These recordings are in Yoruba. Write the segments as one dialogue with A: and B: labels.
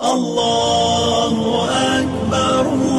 A: الله أكبر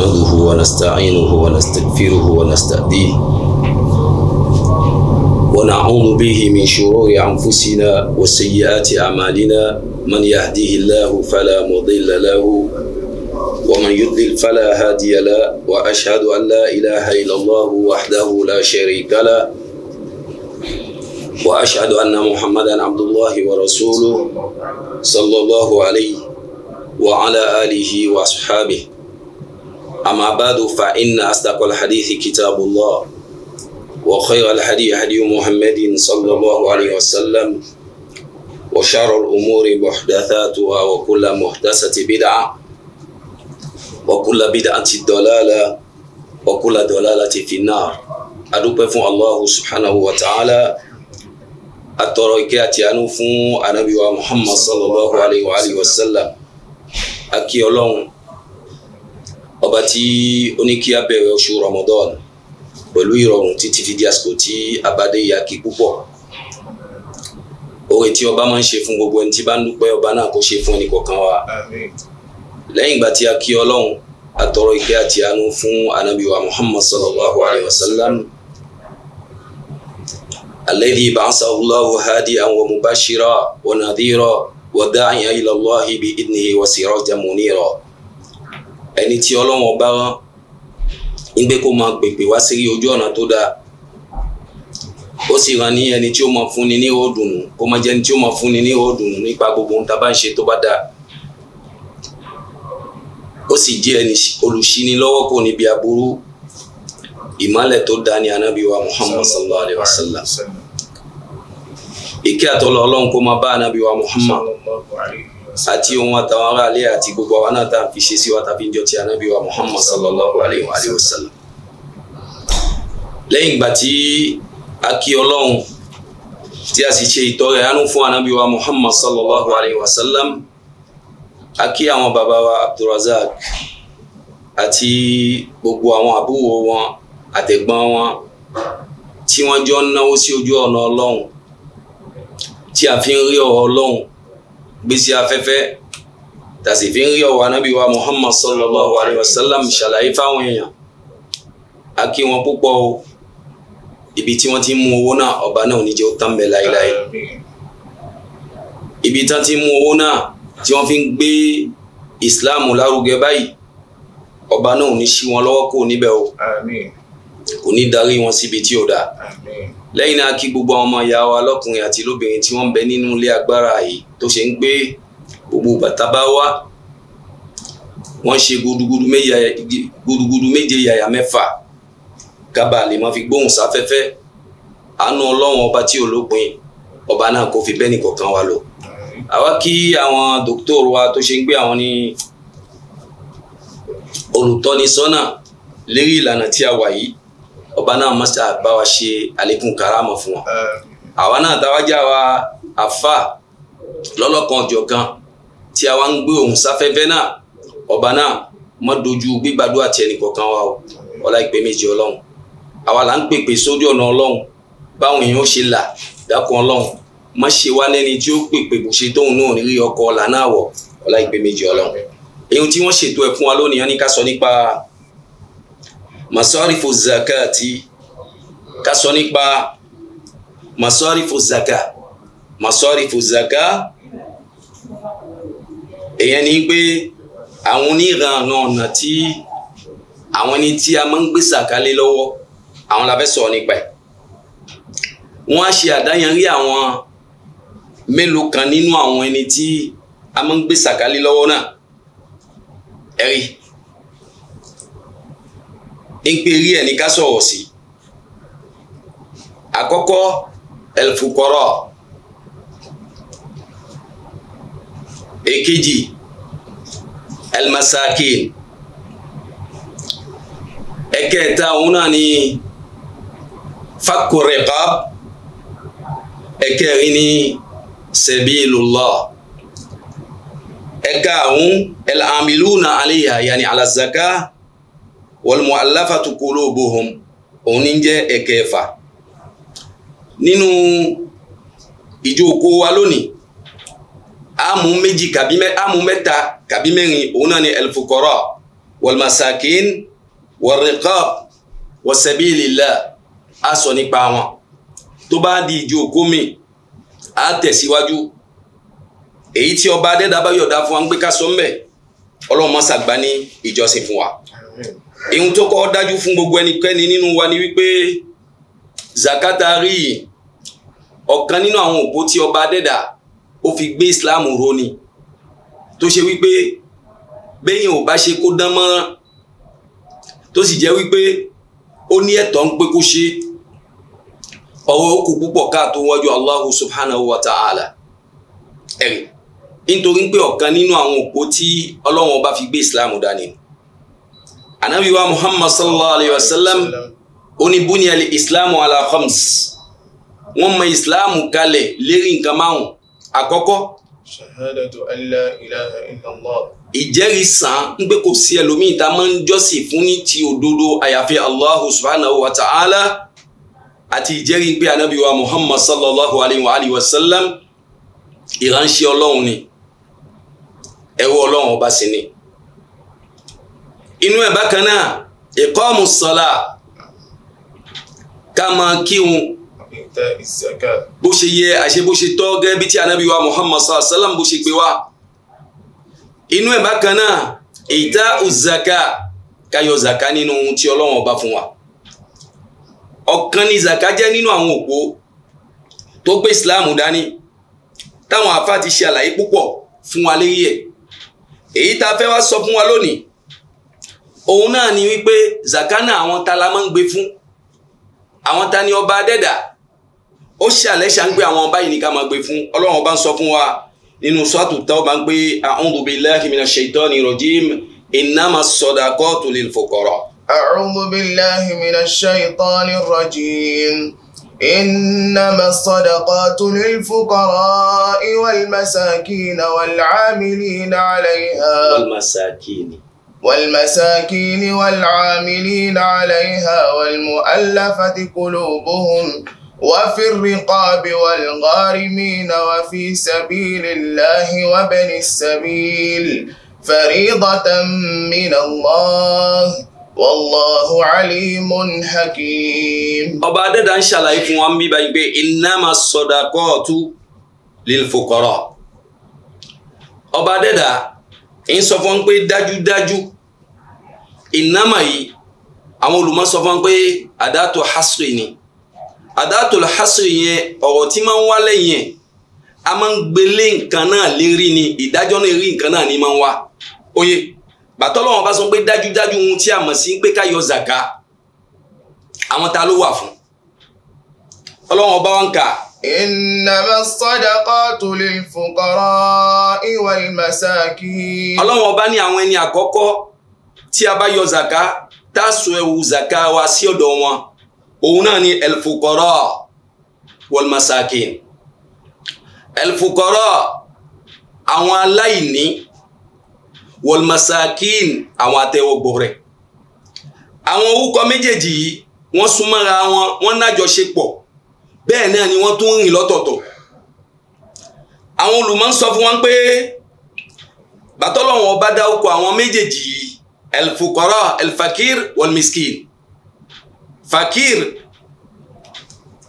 B: نحمده ونستعينه ونستغفره ونستهديه ونعوذ به من شرور أنفسنا وسيئات أعمالنا من يهديه الله فلا مضل له ومن يضلل فلا هادي له وأشهد أن لا إله إلا الله وحده لا شريك له وأشهد أن محمدا عبد الله ورسوله صلى الله عليه وعلى آله وأصحابه أما بعد فإن أصدق الحديث كتاب الله وخير الهدي هدي محمد صلى الله عليه وسلم وشر الأمور محدثاتها وكل محدثة بدعة وكل بدعة ضلالة وكل ضلالة في النار أدوبة فون الله سبحانه وتعالى أتركي أتيانو فون النبي محمد صلى الله عليه وآله وسلم أكي أولون ọba tí ó ní kí a bẹ̀rẹ̀ oṣù Ramadan pẹ̀lú ìrọ̀rùn títí fi di àsìkò tí abadé ya kí púpọ̀ oore tí ọba máa ń ṣe fún gbogbo ẹni tí bá ń dúpẹ́ ọba náà kó ṣe fún ẹnì kọ̀ọ̀kan wa lẹ́yìn ìgbà tí a kí ọlọ́run a tọrọ àti àánú fún anabi Muhammad sallallahu alayhi wa sallam alladhi ba'athahu Allahu hadiyan wa mubashiran wa nadhiran wa da'iyan ila Allahi bi idnihi wa sirajan munira ẹni tí ọlọ́wọ́n bá rán nígbẹ́ kó máa pèpè wá sí ojú ọ̀nà tó dáa ó sì rán ní ẹni tí ó máa fúnni ní òdùnnú kó máa jẹ́ ẹni tí ó máa fúnni ní òdùnnú nípa gbogbo ohun tá a bá ń ṣe tó bá dáa ó sì jẹ́ ẹni olùṣínilọ́wọ́ kò níbi aburú ìmọ̀lẹ̀ tó dáa ní anábì muhammad sallallahu alayhi wa sallam ìkẹ́ àtọ́lọ́ ọlọ́run kó máa bá anábì muhammad àti ohun àtàwọn aráalé àti gbogbo àwa náà tá à ń fi ṣe sí wa tàbí ìjọ ti ànábì wa muhammad sallallahu alayhi wa alihi wa sallam. lẹ́yìn ìgbà tí a kí ọlọ́run tí a sì ṣe ìtọrẹ àánú fún ànábì wa muhammad sallallahu alayhi wa sallam a kí àwọn bàbá wa abdulrasaq àti gbogbo àwọn àbúrò wọn àtẹ̀gbọ́n wọn tí wọ́n jọ ń náwó sí ojú ọ̀nà ọlọ́run tí a fi ń rí ọ̀rọ̀ ọlọ́run gbèsè afẹ́fẹ́ tàsí fi ń rí ọ̀wọ́ anábì wa muhammad sallallahu alayhi wa sallam ṣàlàyé fáwọn èèyàn a kí wọn púpọ̀ o ibi tí wọ́n ti mú owó náà ọba náà oníjẹ́ ó tán bẹ̀ láéláé ibi tán ti mú owó náà tí wọ́n fi ń gbé islam lárugẹ báyìí ọba náà ò ṣí wọn lọ́wọ́ kó níbẹ̀ o kò ní darí wọn síbi tí ò dáa lẹ́yìn náà kí gbogbo ọmọ ìyá wa lọ́kùnrin àti lóbìnrin tí wọ́n bẹ nínú ilé agbára yìí tó ṣe ń pé gbogbo bàtà bá wá wọ́n ṣe gudugudu méje gudugudu méje yàyà mẹ́fà kábà lè máa fi gbóhùn sáfẹ́fẹ́ àánú ọlọ́run ọba tí olópin ọba náà kò fi bẹ́ẹ̀ nìkọ̀ọ̀kan wa lọ. àwa kí àwọn dókítọ̀rù wa tó ṣe ń gbé àwọn ní olùtọ́nisọ́nà lérí ìlànà tí a wà yìí ọba náà mọ́ṣáà bá wa ṣe àlékún káràmọ̀ fún wa. àwa náà táwájà wa àfà lọ́lọ́kan ọ̀jọ̀kan tí a wá ń gbé ohùn sáfẹ́fẹ́ náà ọba náà má dojú gbígbàdúrà tí ẹnì kọ̀ọ̀kan wa o ọlá ìpè méjì ọlọ́run àwa là ń pèpè sójú ọ̀nà ọlọ́run báwọn èèyàn ṣe là dákun ọlọ́run má ṣe wá lẹ́ni tí ó pèpè bó ṣe tóun náà nílé ọkọ̀ ọ̀là náà wọ̀ ọlá ìpè méjì ọlọ́run èyí tí wọ́n ṣètò ẹ̀ fún wa lónìí wọn ká sọ nípa masarifu zakati ká sọ nípa masarifu zakati masarifu zaka èyàn ni pé àwọn oníranà ọ̀nà tí àwọn ẹni tí a máa ń gbé sàkálé lọ́wọ́ àwọn la fẹ́ sọ̀rọ̀ nípa ẹ̀ wọ́n á ṣe àdáyanrí àwọn mélòó kan nínú àwọn ẹni tí a máa ń gbé sàkálé lọ́wọ́ náà ẹ̀rí ń pè rí ẹ̀ ní ká sọ̀rọ̀ sí àkọ́kọ́ ẹ̀lfùkọ́rọ̀. èkejì elmasakin ẹ̀kẹta òun náà ni fakorẹ̀kọ́ ẹ̀kẹrin ni sẹ̀bílùlọ́ ẹ̀ka àwọn ẹ̀làmìlúnà àlìyà yàní alàzàká wọlùmọ̀ aláfàtukúrò bóhùn òun ní jẹ́ ẹ̀kẹfà nínú ìjókòó wa lónìí amú méjì kàbí mẹ amú mẹ́ta kàbí mẹ́rin òun náà ni al-fuqara wal-masakin war-riqab wa sabilillah á sọ nípa wọn tó bá di ìjọ òkú mi á tẹ̀síwájú èyí tí ọba adẹ́dàbá yọ̀dá fún wa ń gbé ká sọ mbẹ́ ọlọ́run mọ́sà gbá ìjọsìn fún wa. ihun tó kọ́ dájú fún gbogbo ẹnikẹ́ni nínú wa ni wípé zakata rí ọ̀kan nínú àwọn òpó tí ọba adẹ́dàá ó fi gbé islam ro ni tó ṣe wípé bẹ́yìn ò bá ṣe kó dán mọ́rán tó sì jẹ́ wípé ó ní ẹ̀tọ́ ń pé kó ṣe ọ̀rọ̀ kù púpọ̀ káàtó wájú Allahu subhanahu wa ta'ala ẹ̀rí nítorí pé ọ̀kan nínú àwọn òpó tí ọlọ́run ọba fi gbé islam dání anabi wa muhammad sallallahu alayhi wa sallam oníbúnyẹ̀lì islam ala khams wọ́n mọ islam kalẹ̀ lérí nǹkan márùn-ún àkọ́kọ́.
C: shahadatu alla ilaha illallah.
B: ìjẹ́rìí sàn ń pé kò sí ẹlòmíì tá a máa ń jọ́sìn fún ní ti òdodo àyàfi allahu subhanahu wa ta'ala àti ìjẹ́rìí pé anabi wa muhammad sallallahu alayhi wa alihi wa sallam ìránṣẹ́ ọlọ́run ni ẹ̀rọ ọlọ́run ọba sì ni inú ẹ̀ bákan náà ìkọ́mù sọ́lá ká máa kírun
C: ìtẹ́ ìsẹ́kà.
B: bó ṣe yẹ àṣẹ bó ṣe tọ́ gẹ́gẹ́ bí tí anabi wa muhammad sallallahu alayhi wa sallam bó ṣe gbé wa inú ẹ̀ bákan náà ìtẹ́ ìsẹ́kà káyọ̀ zaka nínú ohun tí ọlọ́run ọba fún wa ọ̀kan ni zaka jẹ́ nínú àwọn òpó tó gbé islam dání táwọn àfa ti ṣe àlàyé púpọ̀ fún wa lérí ẹ̀ èyí tá a fẹ́ wá sọ fún wa lónìí òun náà ni wípé zakana àwọn ta la máa ń gbé fún àwọn ta ni ọba adẹ́dà ó ṣe àlẹ́ ṣà ń pé àwọn báyìí ní ká máa gbé fún ọlọ́run bá ń sọ fún wa nínú sọ́ọ̀tù táwọn bá ń pé a'udhu billahi minash shaitani rajim innamas sadaqatu lil fuqara.
C: a'udhu billahi minash shaitani rajim innamas sadaqatu lil fuqara wal masakina wal 'amilina 'alayha. wal masakini. والمساكين والعاملين عليها والمؤلفة قلوبهم وفي الرقاب والغارمين وفي سبيل الله وبن السبيل فريضة من الله wàlláhu alimun hakim.
B: ọba adẹ́dà ń ṣàlàyé fún wa ń bíbá yìí pé innama sọdakọ́ọ̀tù lil fuqara. ọba adẹ́dà ń sọ fún pé dájúdájú innama yìí àwọn olùmọ̀ sọ fún pé àdàtò hasri ni àdàtòlù hasri yẹn ọ̀rọ̀ tí máa ń wá lẹ́yìn ẹ̀ a máa ń gbélé nǹkan náà lérí ni ìdájọ́ náà rí nǹkan náà ni máa ń wá oyè bàtọ́lọ́wọ́n bá sọ pé dájúdájú ohun tí a mọ̀ sí pé ká yọ zaka àwọn ta ló wà fún ọlọ́wọ́n ọba wọn kà.
C: Innama sadaqatu lil fuqara'i wal masakin.
B: ọlọ́wọ́n ọba ní àwọn ẹni àkọ́kọ́ tí a bá yọ zaka tá a sọ ẹ̀wù zaka wa sí ọ̀dọ̀ wọn òun náà ni ẹlfukọrọ wọlmasakin ẹlfukọrọ àwọn aláìní wọlmasakin àwọn atẹwọgbọ rẹ àwọn orúkọ méjèèjì yìí wọ́n súnmọ́ra wọn wọ́n nájọṣepọ̀ bẹ́ẹ̀ náà ni wọ́n tún rìn lọ́tọ̀ọ̀tọ̀ àwọn olùmọ̀ ń sọ fún wọn pé bàtọ́lọ́wọ́n ọba dá oko àwọn méjèèjì yìí ẹlfukọrọ ẹlfakir fakir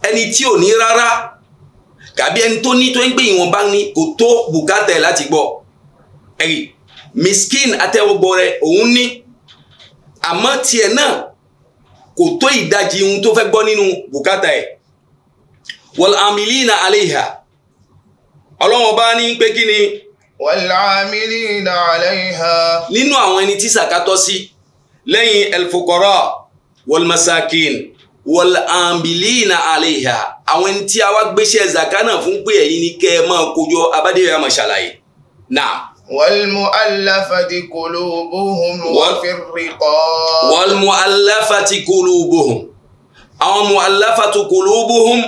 B: ẹni tí ò ní rárá tàbí ẹni tó ní tó ń gbé ìwọ̀nba ní kò tó bùkátà ẹ̀ láti gbọ́ ẹ̀rì miskin atẹ́wọ́gbọ́ rẹ̀ òun ní àmọ́ tiẹ̀ náà kò tó ìdajì ohun tó fẹ́ gbọ́ nínú bùkátà ẹ̀ wal amilina alayha ọlọ́wọ́n bá ní pé kí ni. wal
C: amilina alayha.
B: nínú àwọn ẹni tí sàkátọ́ sí lẹ́yìn al wọlmasakin wọlambilina aleha àwọn ẹni tí a wá gbéṣẹ́ zakana fún pé ẹ̀yin ni kẹ́ ẹ máa kójọ abádéyà máa ṣàlàyé náà.
C: والمؤلفة قلوبهم وفي الرقاب
B: والمؤلفة قلوبهم àwọn mu'allafatu qulubuhum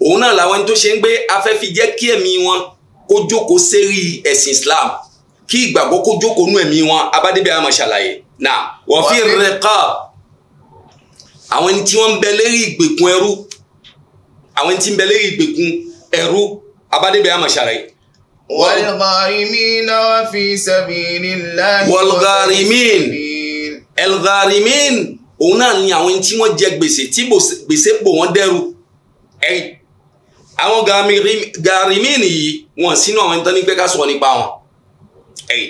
B: òun náà làwọn tó ṣe ń gbé afẹ́fi jẹ́ kí ẹ̀mí wọn kó jókòó sérí ẹ̀sìn Islam kí ìgbàgbọ́ kó jókòó nú ẹ̀mí wọn abádébẹ̀ àmọ́ ṣàlàyé náà wa fi riqab àwọn ẹni tí wọ́n ń bẹ lérí ìgbèkùn ẹrú àwọn ẹni tí ń bẹ lérí ìgbèkùn ẹrú abádébẹ̀ àmàṣàrẹ́.
C: wàlgàrímìn wà fi sabilillahi. wàlgàrímìn
B: ẹlgàrímìn òun náà ni àwọn ẹni tí wọ́n jẹ gbèsè tí gbèsè pò wọ́n dẹ́rù ẹ̀rí àwọn gàrímìn yìí wọ́n sínú àwọn ẹni tó ní pẹ́ ká sọ̀rọ̀ nípa wọn ẹ̀rí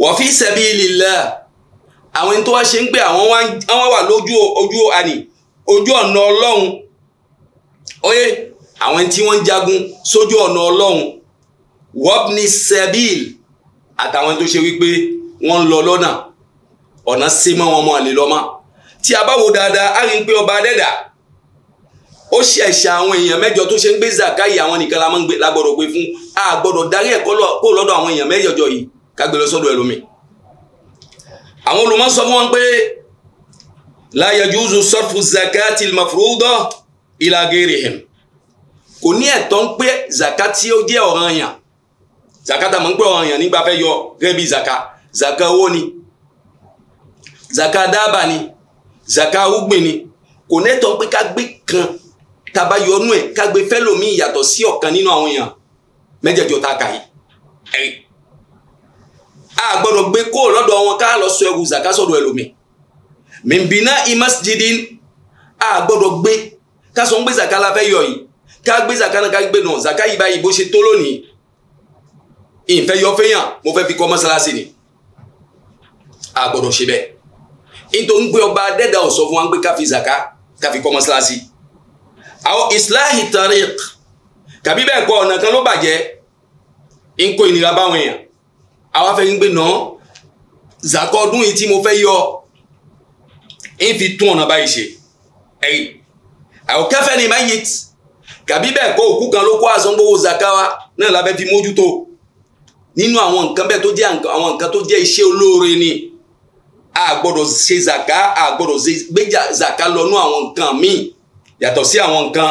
B: wà fi sabilillahi àwọn ẹni tó wá ṣe ń pé àwọn wà lójú ojú àní ojú ọ̀nà ọlọ́run oyè àwọn tí wọ́n ń jagun sójú ọ̀nà ọlọ́run wọ́pni sẹ́bíl àtàwọn tó ṣe wípé wọ́n ń lọ lọ́nà ọ̀nà sí mọ́ wọn mọ́ àlè lọ́mọ́ tí a bá wo dáadáa á rí i pé ọba adẹ́dà ó ṣe àwọn èèyàn mẹ́jọ tó ṣe ń gbé zakai àwọn nìkan la máa ń fún a gbọ́dọ̀ darí ẹ̀kọ́ lọ́dọ̀ àwọn èèyàn mẹ́jọ yìí ká ẹlòmíì àwọn olùmọ̀ sọ fún wọn pé la yajuzu sarfu zakati al-mafruda ila ghairihim kò ní ẹ̀tọ́ ń pé zaka tí ó jẹ́ ọ̀ranyàn zaka tá a mọ̀ ń pé ọ̀ranyàn nígbà fẹ́ yọ gẹ́gẹ́ bí zaka zaka owó ni zaka dábà ni zaka arúgbìn ni kò nẹ́tọ́ pé ká gbé kan taba yọnú ẹ̀ ká gbé fẹ́lòmíì yàtọ̀ sí ọ̀kan nínú àwọn èèyàn mẹ́jẹ̀jọ tá kà yìí a gbọ́dọ̀ gbé kó lọ́dọ̀ wọn ká lọ sọ ẹrù zaka ẹlòmí mìbínà imasjidin a gbọ́dọ̀ gbé ká gbé zaka la fẹ́ yọ yìí ká gbé zaka náà ká gbé nù zaka yìí báyìí bó ṣe tó lónìí ìfẹ́ yọ fẹ́yàn mo fẹ́ fi kọ́ mọ́sálásí ni a gbọ́dọ̀ ṣe bẹ́ẹ̀ nítorí ń gbé ọba dẹ́dà ọ̀sọ́ fún wa ń gbé káfí zaka káfí kọ́ mọ́sálásí àwọn islahi tariq kàbí bẹ́ẹ̀ kọ́ ọ̀nà kan ló bàjẹ́ ń ìnira báwọn èèyàn àwa fẹ́ yín pé nà zakọ ọdún yìí tí mo fẹ́ yọ ń fi tún ọ̀nà báyìí ṣe ẹ̀yìn àwòkẹ́fẹ́ ni máa ń yẹ tì kàbí bẹ́ẹ̀ kọ́ òkú kan ló kó àsan gbowó zaka wa náà la fẹ́ fi mójútó nínú àwọn nǹkan bẹ́ẹ̀ tó jẹ́ àwọn nǹkan tó jẹ́ iṣẹ́ olóore ni a gbọ́dọ̀ ṣe zaka a gbọ́dọ̀ gbé zaka lọ nú àwọn nǹkan míì yàtọ̀ sí àwọn nǹkan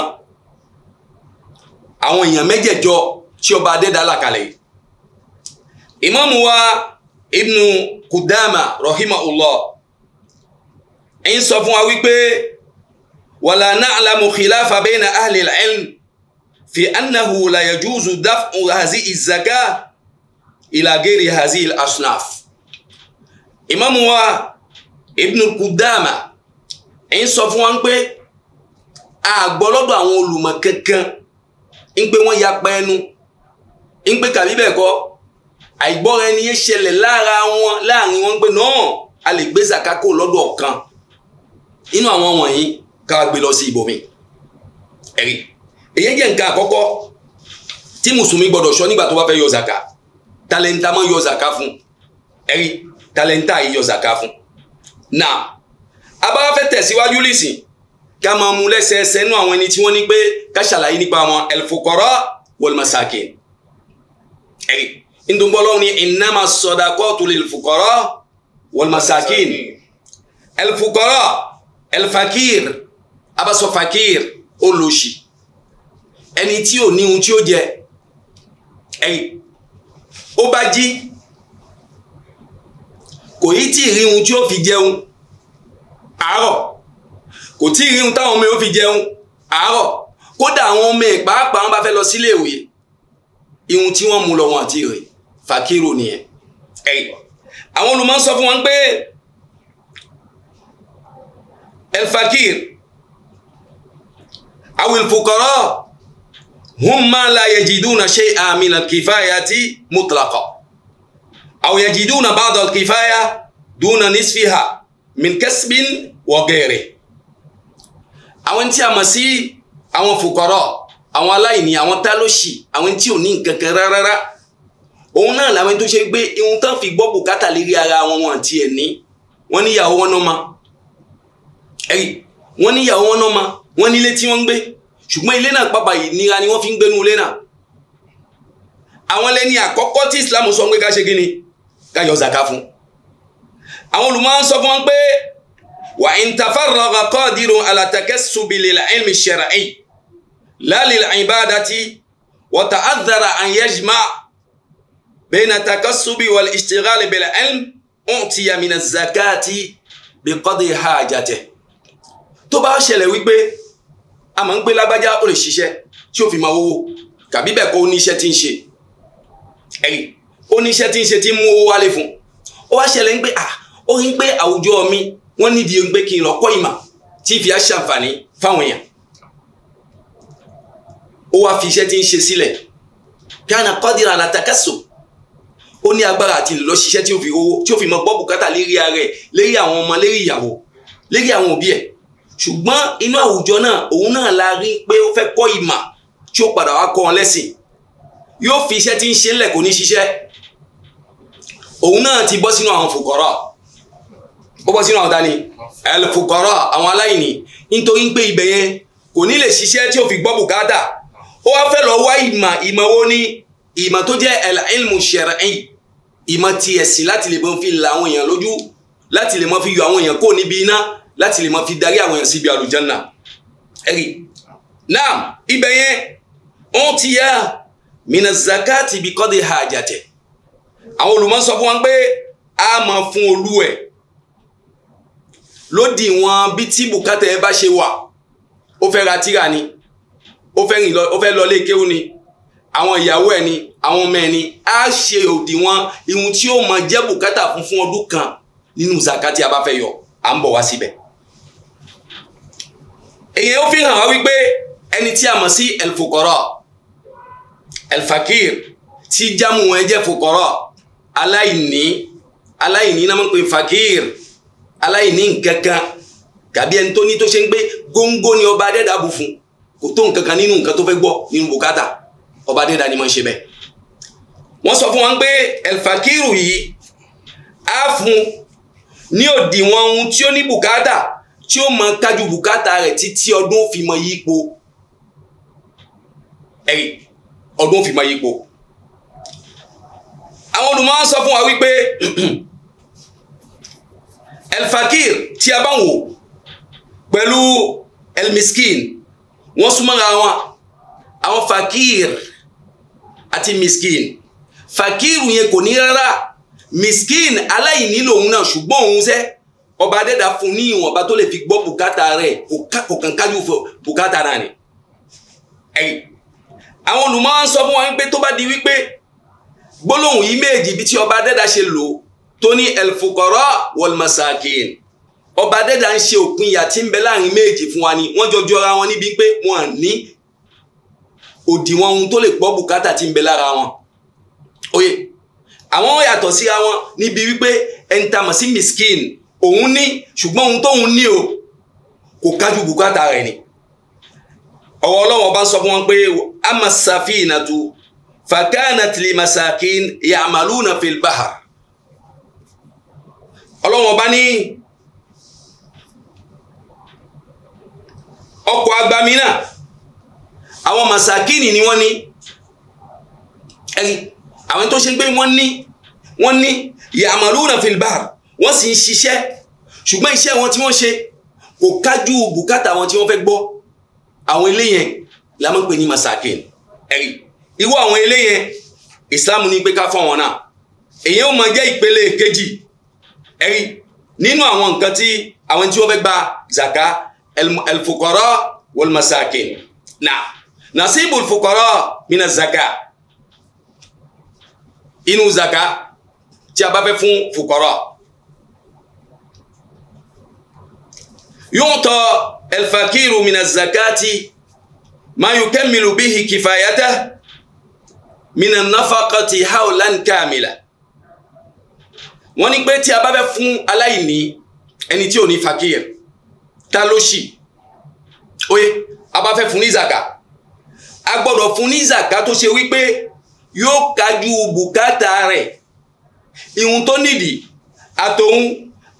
B: àwọn èèyàn mẹ́jẹ̀jọ tí ọba adẹ́dá là kalẹ̀ ìmáàmù wa ibnu kudama rahimahullah ń sọ fún wa wípé wàlá na'lamu khilafa bayna ahli al-ilm fi annahu la yajuzu daf'u hazihi zaka ila ghairi hazihi al-asnaf ìmáàmù wa ibnu kudama ń sọ fún wa pé àgbọ́lọ́dọ̀ àwọn olùmọ̀ kankan ń pé wọ́n yapa ẹnu ń pé kàbí bẹ́ẹ̀ kọ́ àìgbọ́ra ẹni yé ṣẹlẹ̀ lára wọn láàrin wọn pé náà a lè gbé zakako lọ́dọ̀ kan inú àwọn wọ̀nyí ká gbé lọ sí ibòmí ẹ̀rí èyí jẹ́ nǹkan àkọ́kọ́ tí mùsùlùmí gbọ́dọ̀ sọ nígbà tó bá fẹ́ yọ zaka talenta máa yọ zaka fún ẹ̀rí talenta yìí yọ zaka fún na abáwá fẹ́ tẹ̀síwájú lìsìn ká máa mú lẹ́sẹẹsẹ nú àwọn ẹni tí wọ́n ní pé ká ṣàlàyé nípa wọn al-fuqara ẹ̀rí ndùnbọ́lọ́wọ́ ni innama sadaqatu lil fuqara wal masakin al fuqara al fakir abasọ fakir olóṣì ẹni tí ò ní ohun tí ó jẹ ẹyìn ó bá jí kò yí tí ì rí ohun tí ó fi jẹun àárọ̀ kò tí ì táwọn ọmọ yóò fi jẹun àárọ̀ kódà àwọn ọmọ ẹ̀ pàápàá wọn bá fẹ́ lọ síléèwé ihun tí wọ́n mú lọ wọn àti rèé fakiru nìyẹn àwọn olùmọ̀ sọ fún wọn pé elfakir awil fukara hum ma la yajiduna shay'an min al-kifayati mutlaqa aw yajiduna ba'd al-kifaya duna nisfiha min kasbin wa ghairi àwọn tí a mọ̀ sí àwọn fukara àwọn aláìní àwọn tálóṣì àwọn tí ò ní nǹkan kan òun náà làwọn tó ṣe gbé ihun tán fi gbọ́ bùkátà lérí ara wọn wọn tiẹ̀ ní wọ́n níyàwó wọn náà ma ẹ̀rí wọ́n níyàwó wọn náà ma wọ́n nílé tí wọ́n ń gbé ṣùgbọ́n ilé náà pàpà ìnira ni wọ́n fi ń gbénu ilé náà àwọn lẹ́ni àkọ́kọ́ tí Islam sọ pé ká ṣe gíní ká yọ zaka fún àwọn olùmọ̀ sọ fún wọn pé wà ìntàfàrọ̀gà kọ́ọ̀dìrò àlàtàkẹ́ subìlì ilmi shar'i la lil ibadati wa ta'adhara an yajma' بين التكسب والاشتغال بالعلم أعطي من الزكاة بقدر حاجته tó bá ṣẹlẹ̀ wípé a máa ń gbé lágbájá ó lè ṣiṣẹ́ tí ó fi máa owó tàbí bẹ́ẹ̀ kó oníṣẹ́ tí ń ṣe ẹ̀rí oníṣẹ́ tí ń ṣe tí ń mú owó wálé fún ó wá ṣẹlẹ̀ ń pé à ó ń pé àwùjọ mi wọ́n nídìí ń pé kí n lọ kọ́ ìmọ̀ tí ìfi á ṣàǹfààní fáwọn èèyàn ó wá fi iṣẹ́ tí ń ṣe sílẹ̀ kí á nà kọ́ dìrà àlàtàkẹ́sùn ó ní agbára àti lọ ṣiṣẹ́ tí ó fi rówó tí ó fi mọ gbọ́ bùkátà lérí ara ẹ̀ lérí àwọn ọmọ lérí ìyàwó lérí àwọn òbí ẹ̀ ṣùgbọ́n inú àwùjọ náà òun náà la rí pé ó fẹ́ kọ́ ìmà tí ó padà wá kọ́ wọn lẹ́sìn yóò fi iṣẹ́ tí ń ṣe ńlẹ̀ kò ní ṣiṣẹ́ òun náà ti bọ́ sínú àwọn fòkọ́rọ́ ó bọ́ sínú àwọn tani ẹlẹ́fòkọ́rọ́ àwọn aláìní nítorí pé ibẹ̀ yẹn kò ní lè ṣiṣẹ́ tí ó fi gbọ́ bùkátà ó wá fẹ́ lọ wá ìmà ìmọ̀ wo ni ìmọ̀ tó jẹ́ ẹ̀là ilmu ìmọ̀ ti ẹ̀sìn láti lè mọ fi la àwọn èèyàn lójú láti lè mọ fi yọ àwọn èèyàn kó níbi iná láti lè mọ fi darí àwọn èèyàn síbi àlùjánnà ẹ̀rí náà ibẹ̀ yẹn wọ́n ti yá mina zakati bi kọ́ de ha àjàtẹ̀ àwọn olùmọ̀ sọ fún wọn pé a máa fún olú ẹ̀ lódì wọn bí tí bùkátà ẹ bá ṣe wà ó fẹ́ ra tírà ni ó fẹ́ lọ lé kéwú ni àwọn ìyàwó ẹni àwọn ọmọ ẹni á ṣe òdiwọ̀n ihun tí ó mọ jẹ́ bùkátà fún fún ọdún kan nínú zaka tí a bá fẹ́ yọ à ń bọ̀ wá síbẹ̀. èyàn ó fi hàn wá wípé ẹni tí a mọ̀ sí elfukọ́rọ̀ elfakir tí jámù wọn jẹ́ fukọ́rọ̀ aláìní aláìní náà máa ń pè fakir aláìní nǹkan kan tàbí ẹni tó ní tó ṣe ń gbé góńgó ni ọba adẹ́dàbù fún kò tó nǹkan kan nínú nǹkan tó fẹ́ gbọ́ nínú bùkátà ọba adéda ni mo ń ṣe bẹ́ẹ̀ wọ́n sọ fún wọn pé elfakiru yìí á fún ní òdiwọ̀n ohun tí ó ní bùkátà tí ó mọ kájú bùkátà rẹ̀ títí ọdún fi mọ yípo ẹ̀rí ọdún fi mọ yípo àwọn olùmọ̀ sọ fún wa wípé elfakir tí a bá wò pẹ̀lú elmiskin wọ́n súnmọ́ra wọn àwọn fakir àti miskin fakiru yẹn kò ní rárá miskin aláìní lòun náà ṣùgbọ́n òun ṣẹ́ ọba adẹ́dà fún ní ìwọ̀nba tó lè fi gbọ́ bùkátà rẹ̀ kò kàn kájú bùkátà náà ni. àwọn olùmọ̀ ń sọ fún wa wípé tó bá di wípé gbólóhùn yìí méjì bí tí ọba adẹ́dà ṣe lò tó ní elfukọrọ wọlmasakin ọba adẹ́dà ń ṣe òpin ìyà tí ń bẹ láàrin méjì fún wa ni wọ́n jọ wọn níbi pé wọ́n ní òdiwọ̀n ohun tó lè gbọ́ bùkátà ti ń bẹ lára wọn oye
C: àwọn yàtọ̀ síra wọn
B: níbi wípé ẹni tá a mọ̀ sí miskin òun ní ṣùgbọ́n ohun tóun ní o kò kájú bùkátà rẹ̀ ni ọ̀rọ̀ ọlọ́wọ́n bá sọ fún wọn pé ama safinatu fakanat masakin ya'maluna fil bahar bá ní ọkọ̀ agbami náà àwọn masakini ni wọ́n ní ẹ̀rí àwọn tó ṣe pé wọ́n ní wọ́n ní ya'maluna fil bahr wọ́n sì ń ṣiṣẹ́ ṣùgbọ́n iṣẹ́ wọn tí wọ́n ṣe kò kájú bùkátà wọn tí wọ́n fẹ́ gbọ́ àwọn eléyẹn la máa ń pè ní masakin ẹ̀rí irú àwọn eléyẹn Islam ní pé ká fún wọn náà èyàn ó máa jẹ́ ìpele kejì ẹ̀rí nínú àwọn nǹkan tí àwọn tí wọ́n fẹ́ gba zaka al-fuqara wal nasibul fukara mina zaka inú zaka tí a bá fẹ́ fún fukara yu'ta alfakiru mina zakati ma yukammilu bihi kifayata mina nafakati hawlan kamila wọ́n ní pé tí a bá fẹ́ fún aláìní ẹni tí ò ní fakir tá ló ṣì oye a bá fẹ́ fún ní zaka a gbọ́dọ̀ fún ní zaka tó ṣe wípé yóò kájú bùkátà rẹ̀ ìhun tó nídìí àtòun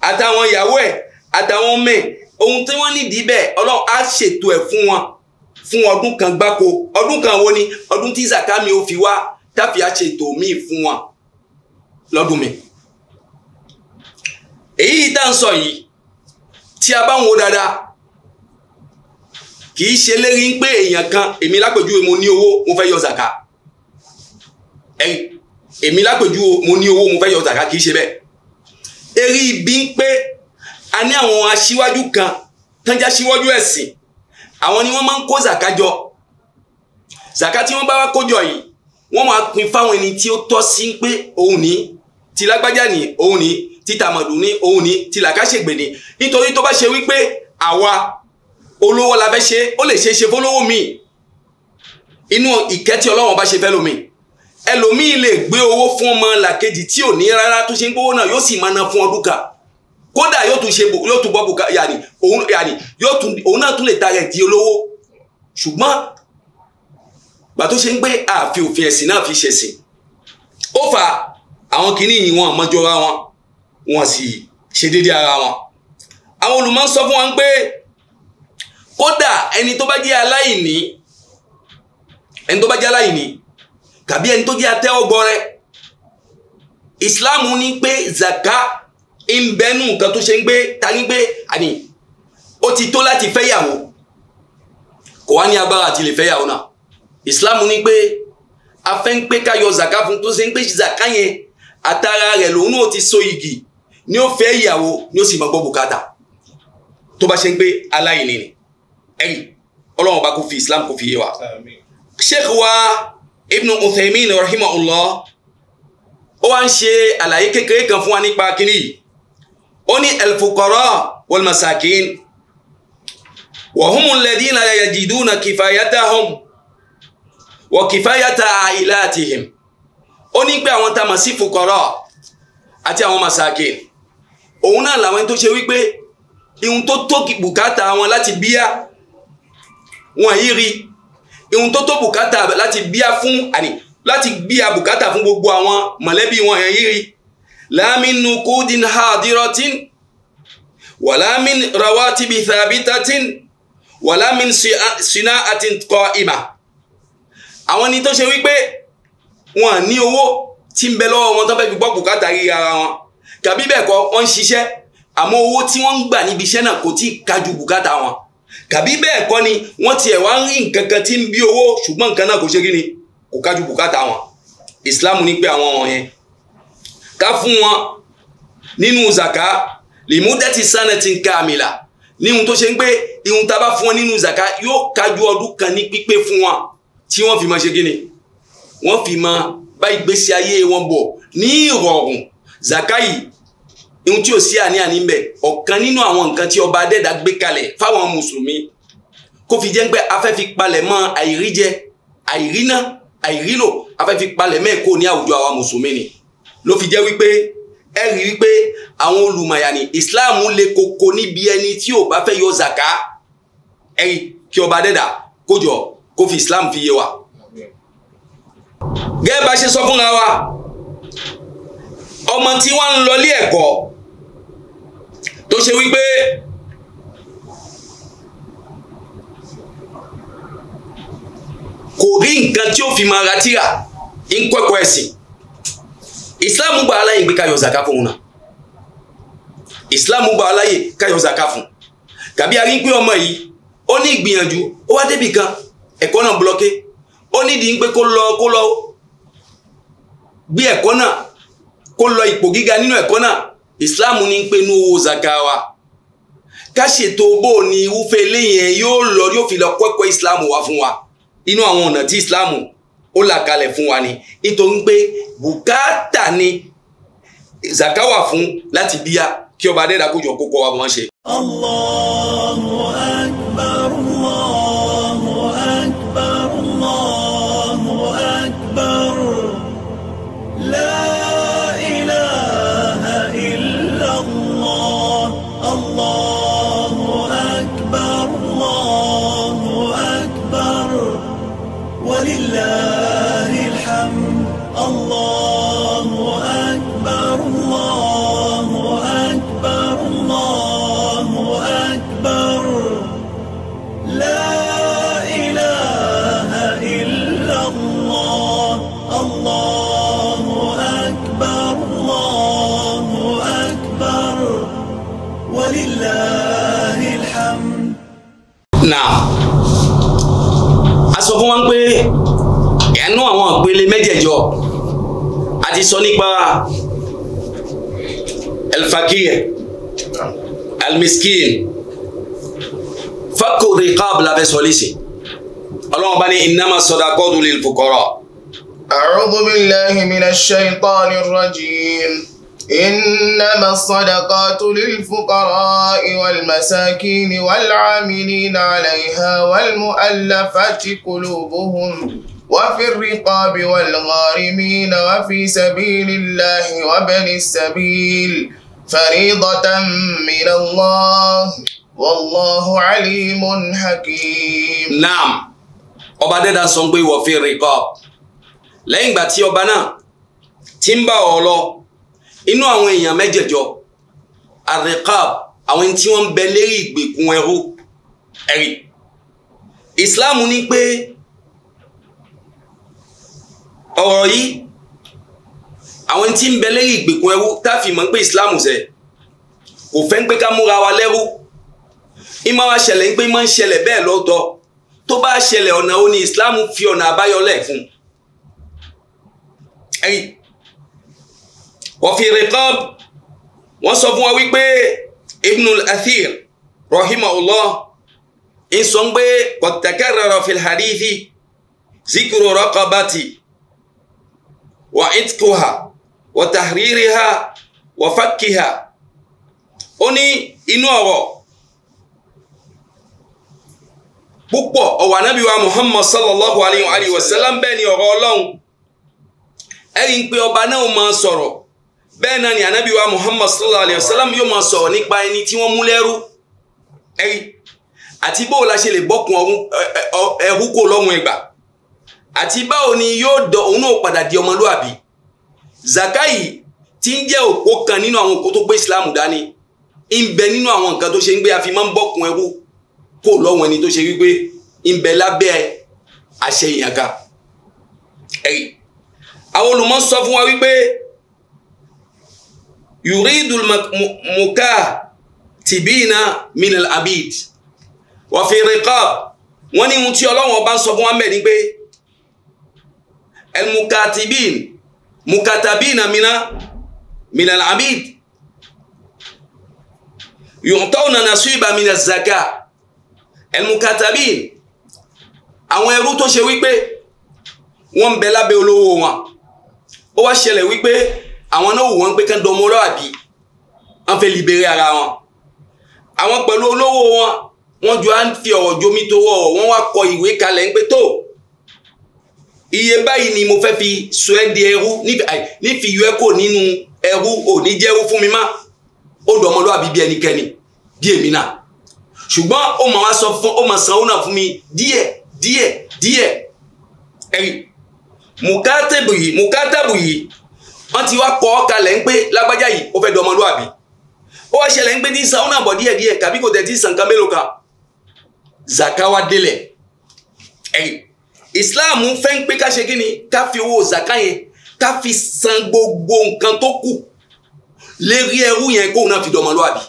B: àtàwọn ìyàwó ẹ̀ àtàwọn ọmọ ẹ̀ ohun tí wọ́n nídìí bẹ́ẹ̀ ọlọ́run á ṣètò ẹ̀ fún wọn fún ọdún kan gbáko ọdún kan wo ni ọdún tí zaka mi ò fi wá tàbí á ṣètò míì fún wọn lọ́dún mi èyí tá à sọ yìí tí a bá ń wo dáadáa kì í ṣe lérí ń pé èèyàn kan èmi lápèjúwe mo ní owó mo fẹ́ yọ zaka èmi lápèjúwe mo ní owó mo fẹ́ yọ zaka kì í ṣe bẹ́ẹ̀ eré ibi ń pé a ní àwọn aṣíwájú kan tánjá síwájú ẹ̀sìn àwọn ni wọ́n máa ń kó zaka jọ zaka tí wọ́n bá wá kó jọ yìí wọ́n máa pín fáwọn ẹni tí ó tọ́ sí pé òun ní ti lágbájá ní òun ní ti tàmọ̀dù ní òun ní ti làkàṣègbè ní nítorí tó bá ṣe wípé àwa olówó la fẹ́ ṣe ó lè ṣe é ṣe fólówó mi inú ìkẹ́ tí ọlọ́run bá ṣe fẹ́ lómi ẹlòmíì lè gbé owó fún ọmọ làkejì tí ò ní rárá tó ṣe ń gbówó náà yóò sì máa ná fún ọdún kan kódà yóò tún ṣe yóò tún bọ́ bùkà yàní òun yàní yóò tún òun náà tún lè ta rẹ̀ di olówó ṣùgbọ́n gbà tó ṣe ń gbé àfi òfin ẹ̀sìn náà fi ṣẹ̀sìn ó fa àwọn kìíní yìí wọn mọ́jọ́ra wọn wọn sì ṣe déédéé ara wọn àwọn olùmọ̀ fún wọn pé kódà ẹni tó bá jẹ́ aláìní ẹni tó bá jẹ́ aláìní tàbí ẹni tó jẹ́ atẹ́wọ́gbọ́rẹ́ islam ní pé zaka ń bẹnu nǹkan tó ṣe ń gbé ta ní pé àní ó ti tó láti fẹ́yàwó kò wá ní agbára àti lè fẹ́yàwó náà islam ní pé a fẹ́ ń pé ká yọ zaka fún tó ṣe ń pé zaka yẹn àtàrà rẹ̀ lòun náà ti so igi ni ó fẹ́ ìyàwó ni ó sì máa gbọ́ bùkátà tó bá ṣe ń pé aláìní ni ẹ̀yìn ọlọ́run ọba kò fi islam kò fi yé wa. sheikh wa ibn uthaymin rahimahullah ó wá ń ṣe àlàyé kékeré kan fún wa nípa kínní yìí ó ní alfukara walmasakin wàhùn lẹ́dínà yajiduna kìfàyàtàhùn wọ kìfàyàtà àìláàtìhìm ó ní pé àwọn tá a mọ̀ àti àwọn masakin òun náà làwọn tó ṣe wípé ihun tó tó bùkátà wọn láti bíyà wọn yìí rí ihun tó tó bùkátà láti bíá fún àní láti bíá bùkátà fún gbogbo àwọn mọ̀lẹ́bí wọn yẹn yìí rí láàmínú kúdín hàdírọ́tín wàlámin rawatibi thabitatin wàlámin sina àti kọ ìmà àwọn ni tó ṣe wípé wọn ní owó tí ń bẹ lọ́wọ́ wọn tó fẹ́ fi gbọ́ bùkátà rí ara wọn kàbí bẹ́ẹ̀ kọ́ wọ́n ń ṣiṣẹ́ àmọ́ owó tí wọ́n ń gbà níbi iṣẹ́ náà kò tí ì kájú bùkátà wọn kàbí bẹ́ẹ̀ kọ́ ni wọ́n tiẹ̀ wá ń rí nǹkan kan tí ń bí owó ṣùgbọ́n nǹkan náà kò ṣe kí ni kò kájú bùkátà wọn Islam ní pé àwọn wọ̀nyẹn ká fún wọn nínú zaka limudati sanatin kamila ní ohun tó ṣe ń pé ihun tá a bá fún wọn nínú zaka yóò kájú ọdún kan ní pípé fún wọn tí wọ́n fi máa ṣe kí ni wọ́n fi máa bá ìgbésí ayé wọn bọ̀ ní ìrọ̀rùn zaka yìí ihun tí ò sí àní-àní bẹ̀ ọ̀kan nínú àwọn nǹkan tí ọba adẹ́dà gbé kalẹ̀ fáwọn mùsùlùmí kó fi jẹ́ pé afẹ́ fi palẹ̀ mọ́ àìríjẹ àìríná àìrílò afẹ́ fi palẹ̀ mẹ́ẹ̀kọ́ ní àwùjọ àwa mùsùlùmí ni ló fi jẹ́ wípé ẹ rí wípé àwọn olùmọ̀yàní Islam le koko níbi ẹni tí ò bá fẹ́ yọ zaka ẹ rí kí ọba adẹ́dà kó kó fi Islam fi yé wa. gẹ́gẹ́ bá ṣe sọ fúnra wa ọmọ tí wọ́n ń lọ ilé ẹ̀kọ́ tó ṣe wípé kò rí nǹkan tí ó fi máa ra tíra ń kọ́kọ́ ẹ̀sìn islam gba aláyè pé káyọ̀ zaka fún un náà islam gba aláyè káyọ̀ zaka fún un tàbí a rí pé ọmọ yìí ó ní ìgbìyànjú ó wá débì kan ẹ̀kọ́ náà búlọ́kẹ́ ó nídìí pé kó lọ kó lọ gbé ẹ̀kọ́ náà kó lọ ipò gíga nínú ẹ̀kọ́ náà islam ní pé inú owó zaka wa ká ṣètò bó o ní irúfẹ́ eléyẹn yóò lọ yóò fi lọ kọ́kọ́ islam wá fún wa inú àwọn ọ̀nà tí islam ó là kalẹ̀ fún wa ni nítorí pé bùkátà ni zaka fún láti bíyà kí ọba adẹ́dàkójọ kókó wa bọ́n ṣe. Allahu ti sọ nípa alfakir almiskin fakku riqab la fẹ́ sọ nísìn ọlọ́run bá ní innama sadaqatu lil fuqara.
C: a'udhu billahi minash shaytanir rajim. إنما الصدقات للفقراء والمساكين والعاملين عليها والمؤلفة قلوبهم وفي الرقاب والغارمين وفي سبيل الله وبن السبيل فريضة من الله والله عليم حكيم
B: نعم ọba dẹ́dà sọ pé wọ́n fi rìkọ́ lẹ́yìn ìgbà tí ọba náà ti ń bá ọ lọ inú àwọn èèyàn mẹ́jẹ̀jọ àrìkọ́b àwọn tí wọ́n ń bẹ lérí ìgbèkùn ẹrú ẹ̀rí ìsìláàmù ní pé ọ̀rọ̀ yìí àwọn tí ń bẹ lẹ́yìn ìgbèkùn ẹrú táfi mọ̀ pé Islam ṣẹ kò fẹ́ ń pé ká múra wa lẹ́rú ìmọ̀ wa ṣẹlẹ̀ ń pé máa ń ṣẹlẹ̀ bẹ́ẹ̀ lọ́tọ̀ tó bá ṣẹlẹ̀ ọ̀nà ó ní Islam fi ọ̀nà àbáyọlẹ̀ fún ẹ̀yìn wọ́n fi riqab wọ́n sọ fún wa wípé Ibn al-Athir rahimahullah ń sọ pé qad takarrara fil hadithi zikru raqabati. wa tahririha wa fakkiha oni ha oro pupo o ni wa nabi wa muhammad sallallahu alaihi wa sallam be ni oro olohun eyin pe oba na o ma soro be na ni anabi wa muhammad sallallahu alaihi wa sallam yo ma so nipa eni ti won mu ati bo se le bokun ohun ehuko lohun àti báwo ni yóò dọ òun náà padà di ọmọlúàbí zakai ti ń jẹ́ òpó kan nínú àwọn òpó tó gbé islam dání ń bẹ nínú àwọn nǹkan tó ṣe ń gbé àfi máa ń bọ́kun ẹrú kò lọ́wọ́ ẹni tó ṣe wípé ń bẹ àṣẹ ìyànká ẹ̀rí àwọn olùmọ̀ sọ fún wa wípé yuridul muka tibina minal abid wàfẹ̀rẹ̀kọ́ wọ́n ní ohun tí ọlọ́wọ́n bá sọ fún wa mẹ́rin pé المكاتبين مكاتبين من من العبيد يعطون نصيبا من الزكاة المكاتبين àwọn ẹrú tó ṣe wípé wọ́n ń bẹ lábẹ́ olówó wọn ó wá ṣẹlẹ̀ wípé àwọn náà wò wọ́n pé kán dọmọ ọlọ́àbí wọ́n fẹ́ libere ara wọn àwọn pẹ̀lú olówó wọn wọ́n jọ á fi ọ̀rọ̀ jomitoro ọ̀rọ̀ wọ́n wá kọ ìwé kalẹ̀ ń pé tó iye báyìí ni mo fẹ́ fi sọ ẹ́ di ẹrú nífi yọ ẹ́ kò nínú ẹrú ò ní jẹ́ ẹrú fún mi má ó dùn ọmọlúwàbí bí ẹnikẹ́ni bí èmi náà ṣùgbọ́n ó máa wá sọ fún ó máa san owó náà fún mi díẹ̀ díẹ̀ díẹ̀ ẹ̀rí mùkátàbù yìí mùkátàbù yìí wọ́n ti wá kọ́ kalẹ̀ ń pé lágbájá yìí ó fẹ́ dùn ọmọlúwàbí ó wá ṣẹlẹ̀ ń pé ní san náà bọ̀ díẹ̀ díẹ̀ kàbí kò tẹ̀ tí san mélòó kan zakawa délẹ̀ ẹ̀rí islam fẹ́ ń pé ká ṣe kí ni ká fi owó zaka yẹn ká fi san gbogbo nǹkan tó kù lérí ẹrú yẹn kóun náà fi dọmọlúwàbí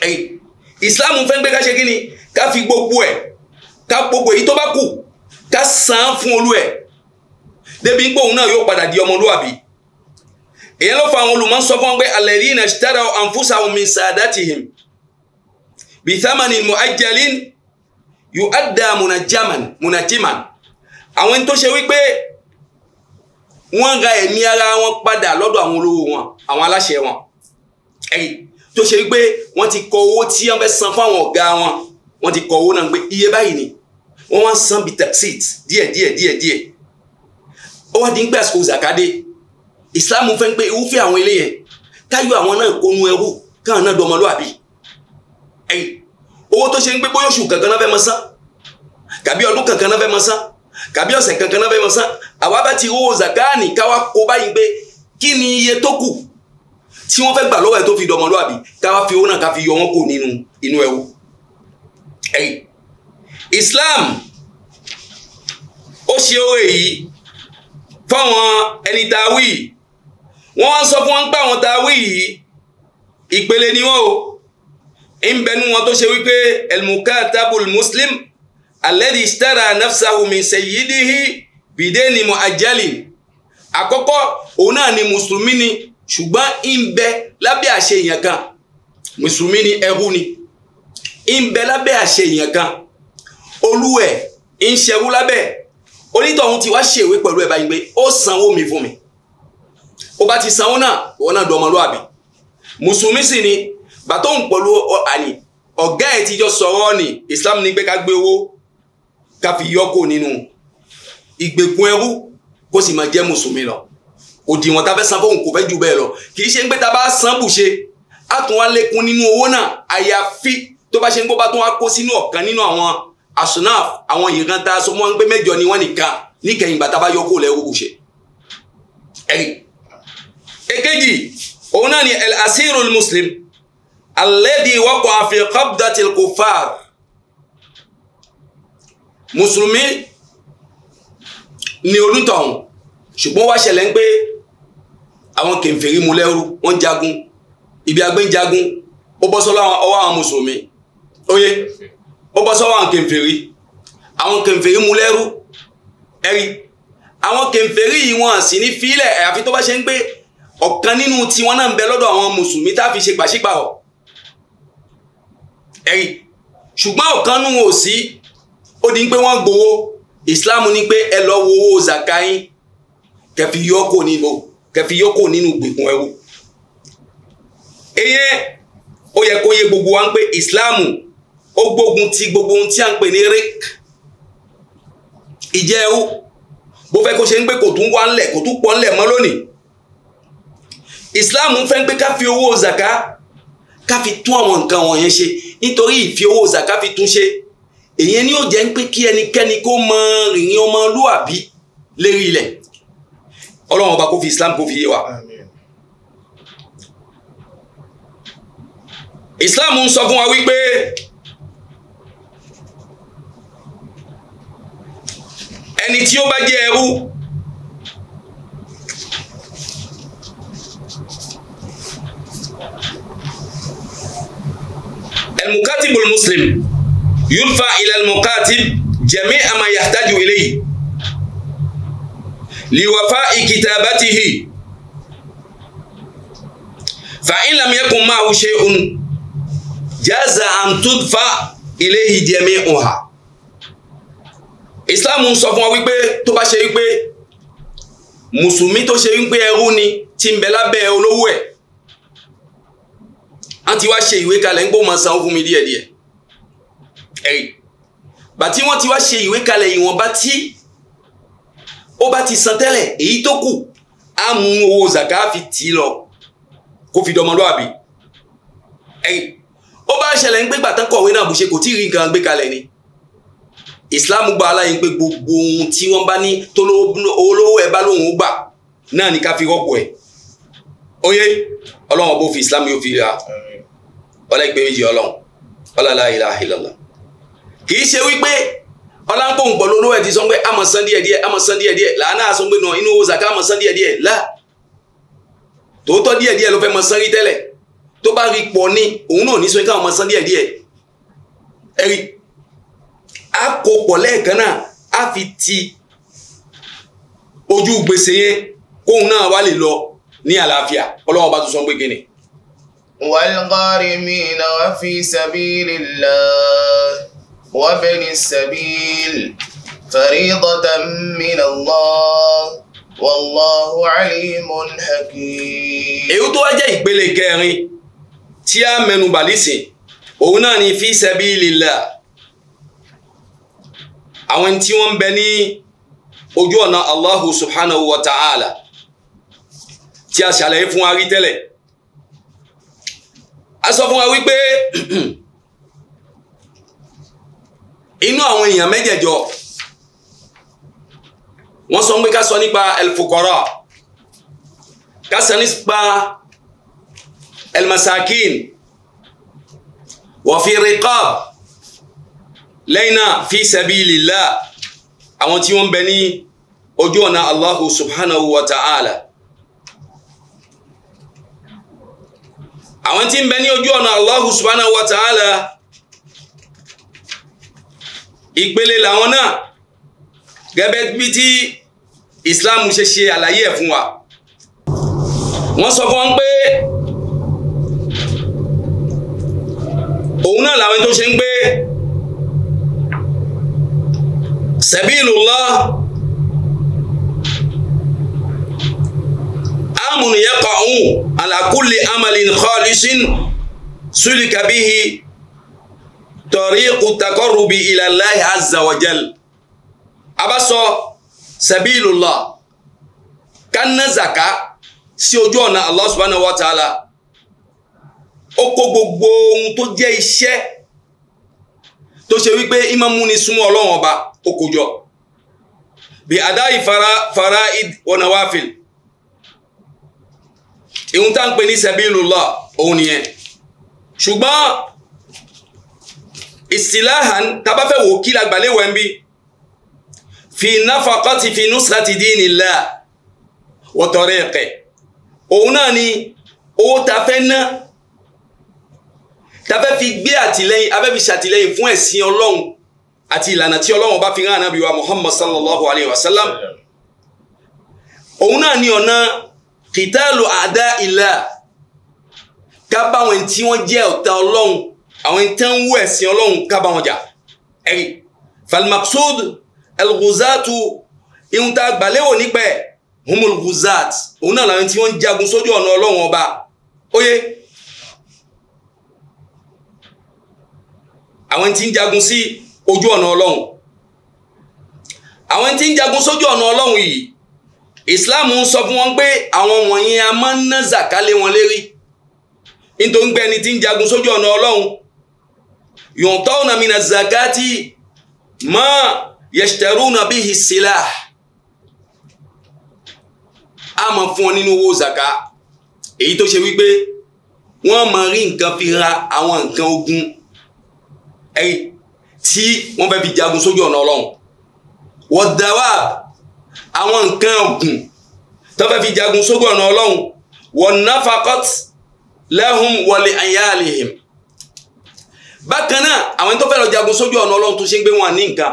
B: ẹ̀yìn islam fẹ́ ń pé ká ṣe kí ni ká fi gbogbo ẹ̀ ká gbogbo èyí tó bá kù ká san án fún olú ẹ̀ débi pé òun náà yóò padà di ọmọlúwàbí èyí ló fa àwọn olùmọ̀sọ́ fún pé alladhina ishtaraw anfusahum min sadatihim bithamani mu'ajjalin yóò ada munajaman munajiman àwọn ẹni tó ṣe wípé wọ́n ra ẹ̀mí ara wọn padà lọ́dọ̀ àwọn olówó wọn àwọn aláṣẹ wọn ẹ̀rí tó ṣe wípé wọ́n ti kọ owó tí wọ́n fẹ́ san fún àwọn ọ̀gá wọn wọ́n ti kọ owó náà pé iye báyìí ni wọ́n wá ń san bíi taxit díẹ̀ díẹ̀ díẹ̀ díẹ̀ ó wá di ń gbé àsìkò zakadé islam fẹ́ ń pé irúfẹ́ àwọn eléyẹn káyọ̀ àwọn náà kónú ẹrú káwọn náà dọmọlúwàbí ẹ̀rí owó tó ṣe ń gbé bóyá oṣù kankan náà fẹ́ mọ san kàbí ọdún kankan náà fẹ́ mọ san kàbí ọ̀sẹ̀ kankan náà fẹ́ mọ san àwa bá ti owó zakani káwa kó báyìí pé kí ni iye tó kù tí wọ́n fẹ́ gbà lọ́wọ́ ẹ̀ tó fi dọmọlúwàbí káwa fi owó náà ká fi yọ wọn kù nínú inú ẹ̀wù. Islam ó ṣe oore yìí fáwọn ẹni tá a wí wọ́n sọ fún wọn pé àwọn tá yìí ìpele ni wọ́n o ń bẹ nú wọn tó ṣe wípé elmukatabul muslim alladhi ishtara nafsahu min sayyidihi bideni mu'ajjalin àkọ́kọ́ òun náà ni mùsùlùmí ni ṣùgbọ́n ń bẹ lábẹ́ àṣẹ èèyàn kan mùsùlùmí ni ẹrú ni ń lábẹ́ àṣẹ èèyàn kan olúwẹ̀ ń lábẹ́ onítọ̀hún ti wá ṣèwé pẹ̀lú ẹ̀ báyìí ó sanwó mi fún mi ó bá ti sanwó náà ìwọ náà dọmọlúwàbí mùsùlùmí sì ni bàtóhùn pẹ̀lú àní ọ̀gá ẹ̀ ti jọ sọ̀rọ̀ ni islam ní pé ká gbé owó ká fi yọ́kò nínú ìgbèkùn ẹrú kó sì máa jẹ́ mùsùlùmí lọ òdìwọ̀n tá fẹ́ san fóun kò fẹ́ jù bẹ́ẹ̀ lọ kì í ṣe ń pé tá bá san bùṣe á tún wá lékún nínú owó náà àyàfi tó bá ṣe ń gbó bá tún wá kó sínú ọ̀kan nínú àwọn asunaf àwọn ìran tá a sọ wọn pé mẹ́jọ ni wọ́n nìkan níkẹyìn ìgbà tá bá yọ kó lẹ́wọ́ bùṣe. ẹ̀rí èkejì òun náà ni el asirul muslim alladhi waqa'a fi qabdatil kuffar mùsùlùmí ni onítọ̀hún ṣùgbọ́n wá ṣẹlẹ̀ ń pé àwọn kèfèrí mu lẹ́rú wọ́n jagun ibi agbẹ́njagun ó bọ́ sọ́lọ́ ọwọ́ àwọn mùsùlùmí oyè ó bọ́ sọ́wọ́ àwọn kèfèrí àwọn kèfèrí mu lẹ́rú ẹ̀rí àwọn kèfèrí yìí wọ́n sì ní fílẹ̀ àfi tó bá ṣe ń gbé ọ̀kan nínú tiwọn náà ń bẹ lọ́dọ̀ àwọn mùsùlùmí tá fi ṣe pàṣípàrọ̀ ẹ̀rí ṣùgbọ́n ọ̀kan nù wọn ò sí ó di pé wọ́n gbowó Islam ní pé ẹ lọ wo owó zaka yín kẹfì yọkọ nínú kẹfì yọkọ nínú gbèkùn ẹrú eyín ó yẹ kó yé gbogbo wa ń pé Islam ó gbógun ti gbogbo ohun tí à ń pè ní rake ìjẹ́ ẹrú bó fẹ́ kó ṣe ń pé kò tún wá ńlẹ̀ kò tún pọ̀ ńlẹ̀ mọ́ lónìí Islam fẹ́ ń pé ká fi owó zaka ká fi tún àwọn nǹkan wọ̀nyẹn ṣe nítorí ìfi owó zaka fi tún ṣe èyí ni ó jẹ́ ń pé kí ẹnikẹ́ni kó mọ ìrìn ọmọlúàbí lérí ilẹ̀ ọlọ́run ọba kó fi islam kó fi yé wa. islam ń sọ fún wa wípé ẹni tí ó bá jẹ́ ẹrú. المكاتب المسلم يدفع إلى المكاتب جميع ما يحتاج إليه لوفاء كتابته فإن لم يكن معه شيء جاز أن تدفع إليه جميعها إسلام ń sọ تبا wa wípé tó bá ṣe wípé mùsùlùmí tó ṣe wípé wọ́n ti wá ṣe ìwé kalẹ̀ ńgbó máa san fún mi díẹ̀díẹ̀ ẹ̀rí bàtí wọ́n ti wá ṣe ìwé kalẹ̀ ìwọ̀nba tí ó bá ti san tẹ́lẹ̀ èyí tó kù á mú owó zaka fi tì í lọ kó fi dọmọlúwàbí ẹ̀rí ó bá ṣẹlẹ̀ ń gbé gbàtán kọ̀wé náà bù ṣe kò tí ì rí nǹkan gbé kalẹ̀ ni islam gba aláyé pé gbogbo ohun tí wọ́n bá ní tó olówó ẹ bá lóhùn gbà náà ní ká fi rọ́pò ẹ̀ oyè ọlọ́run bó fi islam yóò fi ra. Mm ọlẹ́gbẹ́ méjì ọlọ́run ọlọ́lá ilá ìlọ́lá kì í ṣe wípé ọlápòhùn pẹ̀lú olówó ẹ̀ ti sọ pé àmọ̀ san díẹ̀ díẹ̀ àmọ̀ san díẹ̀ díẹ̀ làánà sọ pé náà inú owó zaka àmọ̀ san díẹ̀ díẹ̀ là tòótọ́ díẹ̀ díẹ̀ ló fẹ́ mọ san rí tẹ́lẹ̀ tó bá rí pọ̀ ní òun náà ní káwọn mọ san díẹ̀ díẹ̀ ẹ̀rí a kò pọ̀ lẹ́ẹ̀kan náà a fi ti ojú gbèsè yẹn kóun náà wá lè lọ ní àlàáfíà ọlọ́wọ́ bá tún sọ pé kíni
C: والغارمين وفي سبيل الله وابن السبيل فريضة من الله wallahu alimun hakim.
B: èyí tó wá jẹ́ ìpele kẹrin tí a mẹnuba lísìn òun náà ni fi sabilillah àwọn tí wọ́n ń bẹ ní ojú ọ̀nà Allahu subhanahu wa ta'ala tí a ṣàlàyé fún wa rí tẹ́lẹ̀ a sọ fún wa wípé inú àwọn èèyàn mẹ́jẹ̀jọ wọ́n sọ pé ká sọ nípa elfukọrọ ká sọ nípa elmasakin wọ̀fi riqab lẹ́yìn náà fi sabilillah àwọn tí wọ́n bẹ ní ojú ọ̀nà Allahu subhanahu wa ta'ala. ala àwọn tí ń bẹ ní ojú ọ̀nà Allahu subhanahu wa ta'ala ìpele làwọn náà gẹ́gẹ́ bí tí Islam ṣe ṣe àlàyé ẹ̀ fún wa wọ́n sọ fún pé òun náà làwọn tó ṣe ń gbé sabilullah ahkamun yaqa'u ala kulli amalin khalisin sulika bihi tariqu taqarrubi ila Allahi azza wa jal abasọ sabilullah kanna zaka sí ojú ọ̀nà Allah subhanahu wa ta'ala ó kó gbogbo ohun tó jẹ́ iṣẹ́ tó ṣe wípé imamu ni súnmọ́ ọlọ́run ọba ó kó jọ fara id wa nawafil ìhun tá ń pè ní sabilillah òun nìyẹn ṣùgbọ́n istilahan tábàfẹ́ wò kí la gbàléwọ̀ ẹ̀ ń bí fi nafaqati fi nusrati dinillah wa tariqi òun náà ni owó ta fẹ́ ná ta fẹ́ fi gbé àtìlẹ́yìn afẹ́ fi ṣàtìlẹ́yìn fún ẹ̀sìn ọlọ́run àti ìlànà tí ọlọ́run bá fi rán ànábì muhammad sallallahu alayhi wa sallam òun náà ni ọ̀nà kìtàlù àdá ilà ká bá àwọn tí wọ́n jẹ́ ọ̀tá ọlọ́run àwọn tí wọ́n wú ẹ̀sìn ọlọ́run ká bá wọn jà ẹ̀rí falmaksud elguzatu ihun tá a gbàléwò nípa ẹ̀ humulguzat òun náà làwọn tí wọ́n jagun sójú ọ̀nà ọlọ́run ọba óyé àwọn tí ń jagun sí ojú ọ̀nà ọlọ́run àwọn tí ń jagun sójú ọ̀nà ọlọ́run yìí islam ń sọ fún wọn pé àwọn wọ̀nyí a máa ń ná zakale wọn lérí nítorí pé ẹni tí ń jagun sójú ọ̀nà ọlọ́run yu'tawna mina zakati ma yashtaruna bihi silah a máa fún wọn nínú owó zaka èyí tó ṣe wípé wọ́n máa rí nǹkan fi ra àwọn nǹkan ogun tí wọ́n fẹ́ fi jagun sójú ọ̀nà ọlọ́run wad-dawab àwọn nǹkan ọ̀gùn tó fẹ́ fi jagun sójú ọ̀nà ọlọ́run wọ́n nafakọ́t lẹ́hùn wọlé ayáàlìhìm bákan náà àwọn tó fẹ́ lọ jagun sójú ọ̀nà ọlọ́run tó ṣe ń gbé wọn ní nǹkan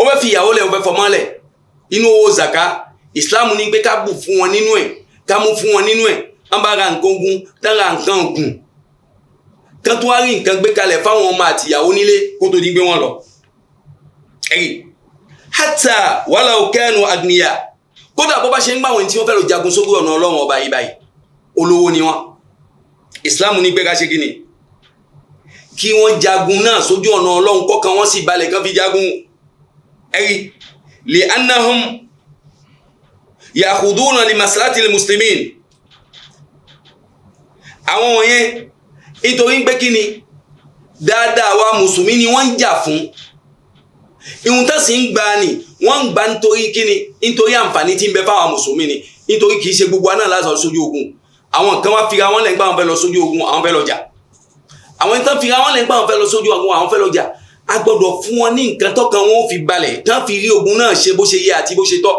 B: ó fẹ́ fi ìyàwó lẹ̀ ó fẹ́ fọmọ́ lẹ̀ inú owó zaka islam ní pé ká bù fún wọn nínú ẹ̀ ká mú fún wọn nínú ẹ̀ wọ́n bá ra nǹkan ogun tán ra nǹkan ogun tán tó wá rí nǹkan gbé kalẹ̀ fáwọn ọmọ àtìyàwó nílé kó tó di gbé wọn lọ. ẹ̀yìn hátà wàhálà òkẹ́nu àgníyà kódà bó bá ṣe ń gbà wọn tí wọ́n fẹ́ lọ jagun sójú ọ̀nà ọlọ́run ọba yìí báyìí olówó ni wọ́n ìsìláàmù ní gbẹ́ka ṣe kíni kí wọ́n jagun náà sójú ọ̀nà ọlọ́run kọ́kan wọ́n sì balẹ̀ kan fi jagun ẹ̀rí lè anahum yàkùdúnà lè masalati lè muslimin àwọn wọ̀nyẹn nítorí pé kíni dáadáa wa mùsùlùmí ni wọ́n ń jà fún ìhun tó sì ń gba ni wọ́n ń gba nítorí kíni nítorí àǹfààní tí ń bẹ fáwọn mùsùlùmí ni nítorí kì í ṣe gbogbo aná láti lọ sójú ogun àwọn kan wá fira wọn lẹ́yìn pé àwọn fẹ́ lọ sójú ogun àwọn fẹ́ lọ jà àwọn ìtàn fira wọn lẹ́yìn pé àwọn fẹ́ lọ sójú ogun àwọn fẹ́ lọ jà a gbọ́dọ̀ fún wọn ní nǹkan tọ́kàn wọn ó fi balẹ̀ tán fi rí ogun náà ṣe bó ṣe yẹ àti bó ṣe tọ́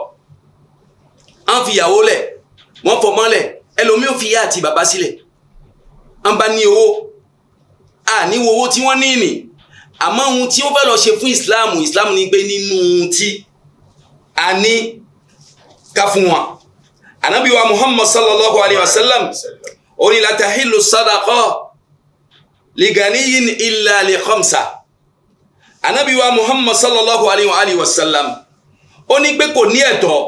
B: à ń fi ìyàwó lẹ̀ wọ́n fọmọ́ lẹ̀ ẹlòmíì fi ìyá àti bàbá sílẹ̀ à ń bá ní owó à ní owó tí wọ́n ní ìní àmọ́ ohun tí ó fẹ́ lọ ṣe fún islam islam ní pé nínú ohun tí a ní ká fún wọn anabi muhammad sallallahu alayhi wa sallam orí latahilu sadaqa liganiyin illa li khamsa anabi muhammad sallallahu alayhi wa sallam ó ní pé kò ní ẹ̀tọ́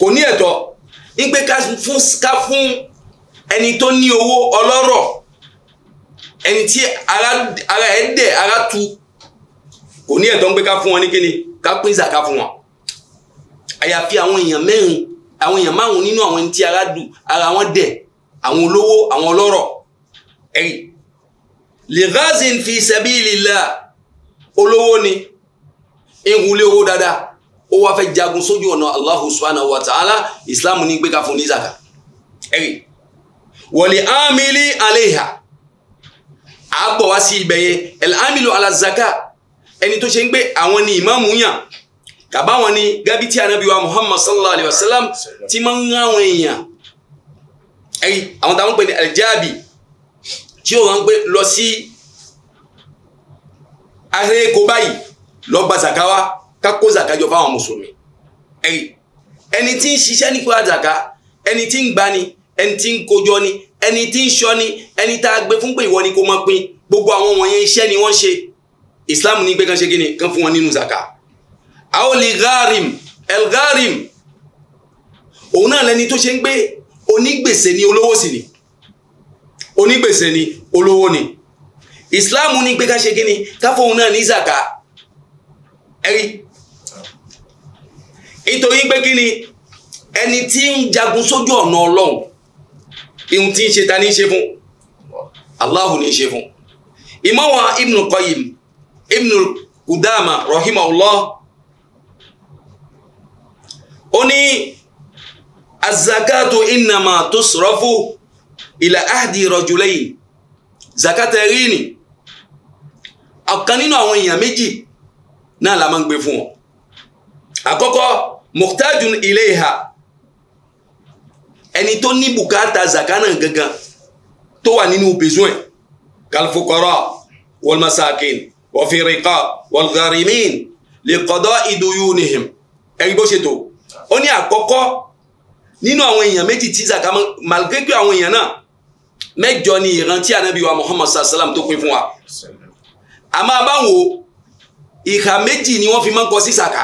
B: kò ní ẹ̀tọ́ ní pé ká fún ẹni tó ní owó ọlọ́rọ̀ ẹni tí ara ẹ̀ dẹ̀ ara tu kò ní ẹ̀tọ́ ń pé ká fún wọn ní kíni ká pín zaka fún wọn àyàfi àwọn èèyàn mẹ́rin àwọn èèyàn márùn nínú àwọn ẹni tí ara dù ara wọn dẹ̀ àwọn olówó àwọn ọlọ́rọ̀ ẹ̀rí lè ghazin fi sabilillah olówó ni ehun owó dáadáa ó wá fẹ́ jagun sójú ọ̀nà Allahu subhanahu wa ta'ala islam ní gbé ká fún ní zaka ẹ̀rí wọ̀lẹ̀ ámìlì àléhà a bọ̀ wá sí ibẹ̀ yẹn alamilu alazaka ẹni tó ṣe ń gbé àwọn ni ìmáàmù yàn kàbá wọn ni gábí tí anabi wa muhammad sallallahu alayhi wa sallam ti máa ń rán àwọn èèyàn ẹyí àwọn táwọn ń pè ní aljaabi tí ó wọn ń gbé lọ sí ahéreko báyìí lọ gba zaka wa kákó zaka jọ fáwọn mùsùlùmí ẹyí ẹni tí ń ṣiṣẹ́ nípa zaka ẹni tí ń gbani ẹni tí ń kójọ ni ẹni tí ń ṣọ́ ni ẹni tá a gbé fún pé ìwọ ni kò mọ pin gbogbo àwọn wọ̀nyẹn iṣẹ́ ni wọ́n ṣe islam ní pé kan ṣe kíni kan fún wọn nínú zaka aoli gharim el gharim òun náà lẹni tó ṣe ń gbé onígbèsè ni olówó sì ni onígbèsè ni olówó ni islam ní pé kan ṣe kíni káfóun náà ní zaka ẹrí nítorí pé kíni ẹni tí ń jagun sójú ọ̀nà ọlọ́run ihun tí ń ṣe ta ní ṣe fún Allahu ní ṣe fún ìmọ̀wá Ibn Qayyim Ibn Qudama rahimahullah ó ní azakatu innama tusrafu ila ahdi rajulayn zakata rí ni ọ̀kan nínú àwọn èèyàn méjì náà la máa ń gbé fún ọ àkọ́kọ́ muhtajun ilayha ẹni tó ní bùkátà zakana gangan tó wà nínú besoin kalfukara walmasakin wafirika walgarimin likọdọ iduyunihim ẹni bó ṣètò ó ní àkọ́kọ́ nínú àwọn èèyàn méjì tí zaka malgré pé àwọn èèyàn náà mẹ́jọ ni ìrántí anabi wa muhammad sallam tó pín fún wa àmọ́ abáwo ìhà méjì ni wọ́n fi máa ń kọ sí zaka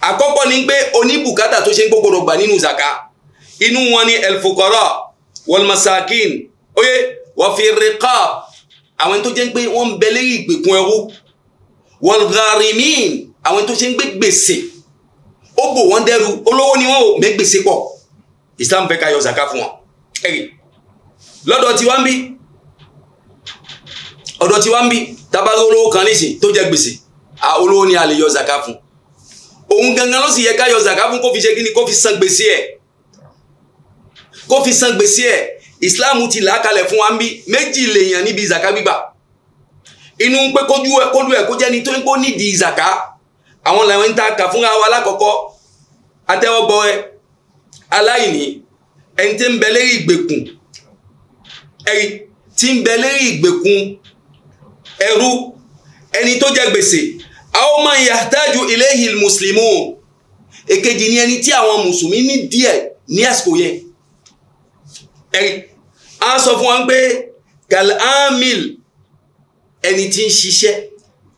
B: àkọ́kọ́ ni pé oníbùkátà tó ṣe ń gbogbo rọgbà nínú zaka inú wọn ni elfukọrọ wọlmasakin oye wọfìrìkọ àwọn tó jẹ́ pé wọ́n ń bẹ lẹ́yìn ìgbèkùn ẹrú wọlgarimin àwọn tó ṣe ń gbé gbèsè ó bò wọ́n dẹ́rù olówó ni wọ́n ò mẹ́ gbèsè pọ̀ Islam fẹ́ ká yọ zaka fún wọn ẹ̀rì lọ́dọ̀ tí wọ́n ń bí ọ̀dọ̀ tí wọ́n ń bí tabarí olówó kan nísìn tó jẹ́ gbèsè à olówó ni a lè yọ zaka fún òun gangan ló sì yẹ ká yọ zaka fún kó fi ṣe kí ni kó fi san gbèsè ẹ̀ kó fi san gbèsè ẹ̀ islam ti là á kalẹ̀ fún wa ń bí méjì lèèyàn níbi ìzàká gbígbà inú pé kójú ẹ kójú ẹ kó jẹ́ ni tó ń kó nídìí ìzàká àwọn làwọn ń ta kà fúnra wa lákọ̀ọ́kọ́ atẹ́wọ́gbọ ẹ aláìní ẹni tí ń bẹ lérí ìgbèkùn ẹni tí ń bẹ lérí ìgbèkùn ẹrú ẹni tó jẹ gbèsè àwọn máa yahtaju ilayhi al-muslimun èkejì ni ẹni tí àwọn mùsùlùmí ní díẹ̀ ní àsìkò yẹn ẹ̀rí a sọ fún wọn pé gal amil ẹni tí ń ṣiṣẹ́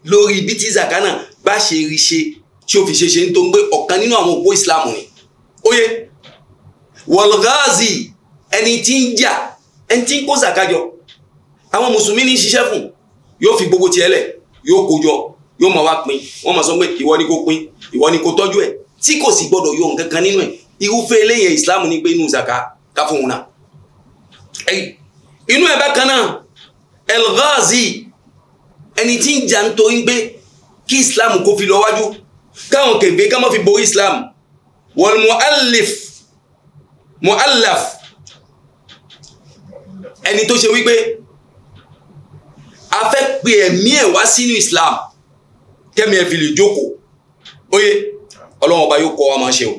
B: lórí ibi tí zakana bá ṣe rí ṣe tí ó fi ṣe ṣe ń tó ń gbé ọ̀kan nínú àwọn òpó islam ni oye wọlgáàzì ẹni tí ń jà ẹni tí ń kó zakajọ àwọn mùsùlùmí ní ṣiṣẹ́ fún yóò fi gbogbo tiẹ̀ lẹ̀ yóò kó yóò máa wá pín wọ́n máa sọ pé ìwọ ni kò pín ìwọ ni kò tọ́jú ẹ̀ tí kò sì gbọ́dọ̀ yọ nǹkan kan nínú ẹ̀ irúfẹ́ eléyẹn islam ní pé inú zaka ká fún náà inú ẹ̀ bákan náà elghazi ẹni tí ń jà ń torí ń gbé kí islam kó fi lọ wájú káwọn kèfé ká má fi borí islam wal mu'allif mu'allaf ẹni tó ṣe wípé a fẹ́ pe ẹ̀mí ẹ̀ wá sínú islam kẹ́mi ẹ̀ fi lè jókòó ó yẹ ọba yóò kọ́ wa máa ṣe o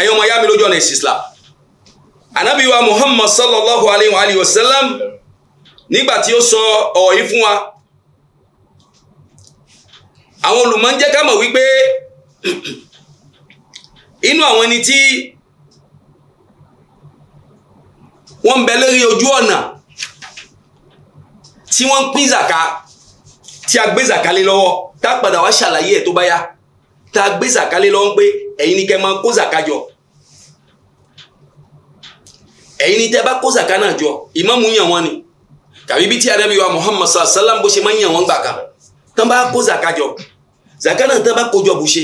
B: ẹ̀yin yá mi lójú ọ̀nà ìsìn anabi wa muhammad sallallahu alayhi wa alayhi wa sallam nígbà tí ó sọ ọ̀rọ̀ yìí fún wa àwọn olùmọ̀ ń jẹ́ ká mọ̀ wípé inú àwọn ẹni tí wọ́n ń bẹ lórí ojú ọ̀nà tí wọ́n ń pín zàká tí a gbé zàká lé lọ́wọ́ tá a padà wá ṣàlàyé ẹ̀ tó bá yá tá a gbé zàká lé lọ́wọ́ pé ẹ̀yin ni kẹ́ máa kó zàká jọ ẹ̀yin ni tẹ́ bá kó sàká náà jọ ìmáàmù yàn wọ́n ni tàbí bí tí Ànábì wa Muhammad sallallahu alaihi wasallam bó ṣe máa ń yàn wọ́n gbà kan tán bá kó sàká jọ sàká náà tán bá kó jọ bù ṣe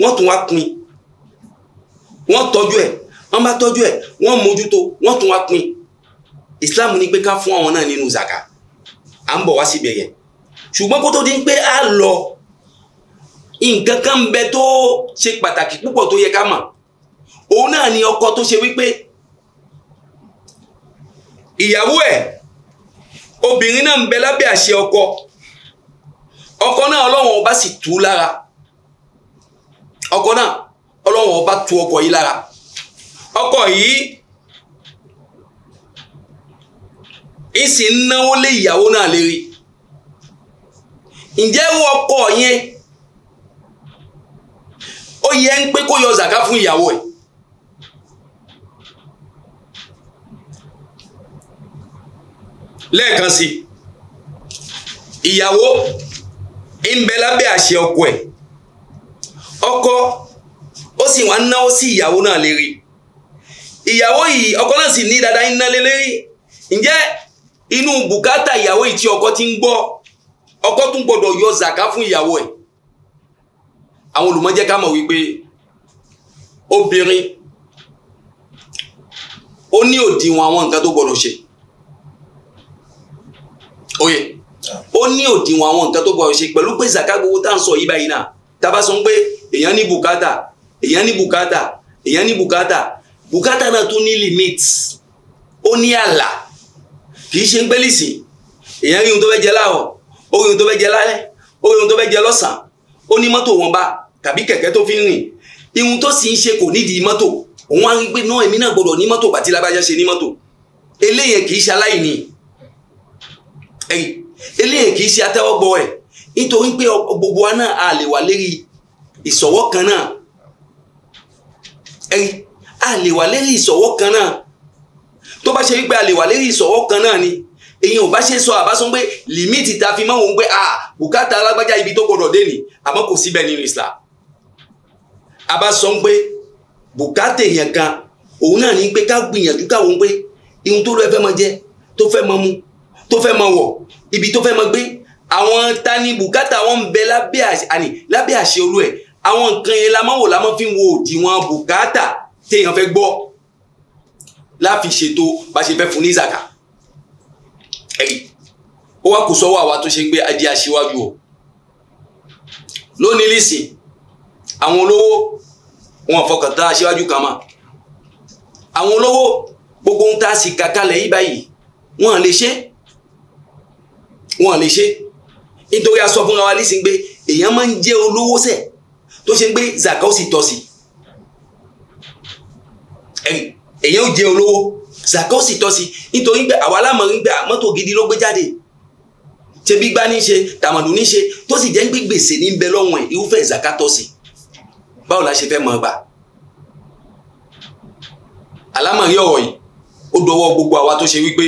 B: wọ́n tún wá pín wọ́n tọ́jú ẹ̀ wọ́n bá tọ́jú ẹ̀ wọ́n mójútó wọ́n tún wá pín Islam ní pé ká fún àwọn náà nínú sàká à ń bọ̀ wá síbẹ̀ yẹn ṣùgbọ́n kó tó di pé a lọ nǹkan kan ń bẹ tó ṣe pàtàkì púpọ̀ tó yẹ ká mọ̀ òun náà ni ọkọ tó ṣe wípé ìyàwó ẹ̀ obìnrin náà ń bẹ lábẹ́ àṣẹ ọkọ ọkọ náà ọlọ́wọ́n ọba sì tú lára ọkọ náà ọlọ́wọ́n ọba tú ọkọ yìí lára ọkọ yìí ń sì ń náwó lé ìyàwó náà lérí ǹjẹ́ wo ọkọ yẹn ó yẹ ń pé kó yọ zàká fún ìyàwó ẹ̀ lẹ́ẹ̀kan sí ìyàwó ń bẹ lábẹ́ àṣẹ ọkọ ẹ̀ ọkọ ó sì wá ń náwó sí ìyàwó náà lérí ìyàwó yìí ọkọ náà sì ní dáadáa ń ná lé lérí ǹjẹ́ inú bùkátà ìyàwó yìí tí ọkọ ti ń gbọ́ ọkọ tún gbọdọ̀ yọ zàká fún ìyàwó ẹ̀ àwọn olùmọ̀jẹ́ ká mọ̀ wípé obìnrin ó ní òdiwọ̀n àwọn nǹkan tó gbọdọ̀ ṣe oyè ó ní òdiwọ̀n àwọn nǹkan tó gbọ́dọ̀ ṣe pẹ̀lú pé zaka gbogbo tá à ń sọ yí báyìí náà tába sọ pé èèyàn ní bùkátà èèyàn ní bùkátà èèyàn ní bùkátà bùkátà náà tún ní limit ó ní àlà kì í ṣe ń gbélìsì èèyàn rí ohun tó fẹ́ jẹ láàrọ̀ ó rí ohun tó fẹ́ jẹ lálẹ́ ó rí ohun tó fẹ́ jẹ lọ́sàn-án ó ní mọ́tò wọn bá tàbí kẹ̀kẹ́ tó fi ń rìn ihun tó sì ń ṣe kò nídìí mọ́tò òun á rí pé náà èmi náà gbọ́dọ̀ ní mọ́tò bàtí lábájá ṣe ní mọ́tò eléyẹn kì í ṣe aláìní eléyìí kì í ṣe atẹ́wọ́gbọ́ ẹ̀ nítorí pé gbogbo wa náà a lè wà lérí ìṣọ̀wọ́ kan náà ẹ̀rí a lè wà lérí ìṣọ̀wọ́ kan náà tó bá ṣe wípé a lè wà lérí ìṣọ̀wọ́ kan náà ni èyàn ò bá ṣe sọ àbá sọ pé límìtì ta fi máa wò ó pé ah bùkátà alágbájá ibi tó gbọdọ̀ dé ni àmọ́ kò síbẹ̀ nínú Islam àbá pé bùkátà èèyàn kan òun náà ní pé ká gbìyànjú káwọn pé ihun tó lọ ẹ fẹ́ máa jẹ tó fẹ́ máa mu tó fẹ́ mọ wọ̀ ibi tó fẹ́ mọ gbé àwọn tani bùkátà wọn ń bẹ lábẹ́ àní lábẹ́ àṣẹ olú ẹ̀ àwọn nǹkan yẹn la máa wò fi wo òdiwọ̀n bùkátà téèyàn fẹ́ gbọ́ láfi ṣètò bá ṣe fẹ́ fún ní zaka ẹ̀rí ó wá kù sọ́wọ́ àwa tó ṣe pé adé aṣíwájú o lónìí lìsìn àwọn olówó wọn fọkàntán aṣíwájú kan mọ́ àwọn olówó gbogbo ń ta sí kàkálẹ̀ yí báyìí wọn lè ṣe é wọn lè ṣe nítorí a sọ fúnra wa nísìnyí pé èèyàn máa ń jẹ́ olówó sẹ̀ tó ṣe ń gbé zaka ó sì tọ́ sí èèyàn ó jẹ́ olówó zaka ó nítorí pé àwa alámọ̀rin gbé mọ́tò gidi ló gbé jáde ṣe gbígbá ní ṣe tàmàdù ní ṣe tó sì jẹ́ ń gbé gbèsè ní bẹ lọ́wọ́n ẹ̀ irúfẹ́ zaka tọ́ sí báwo la ṣe fẹ́ mọ̀ ọ́ gbà alámọ̀rin ọ̀rọ̀ yìí ó dọwọ́ gbogbo àwa tó ṣe wípé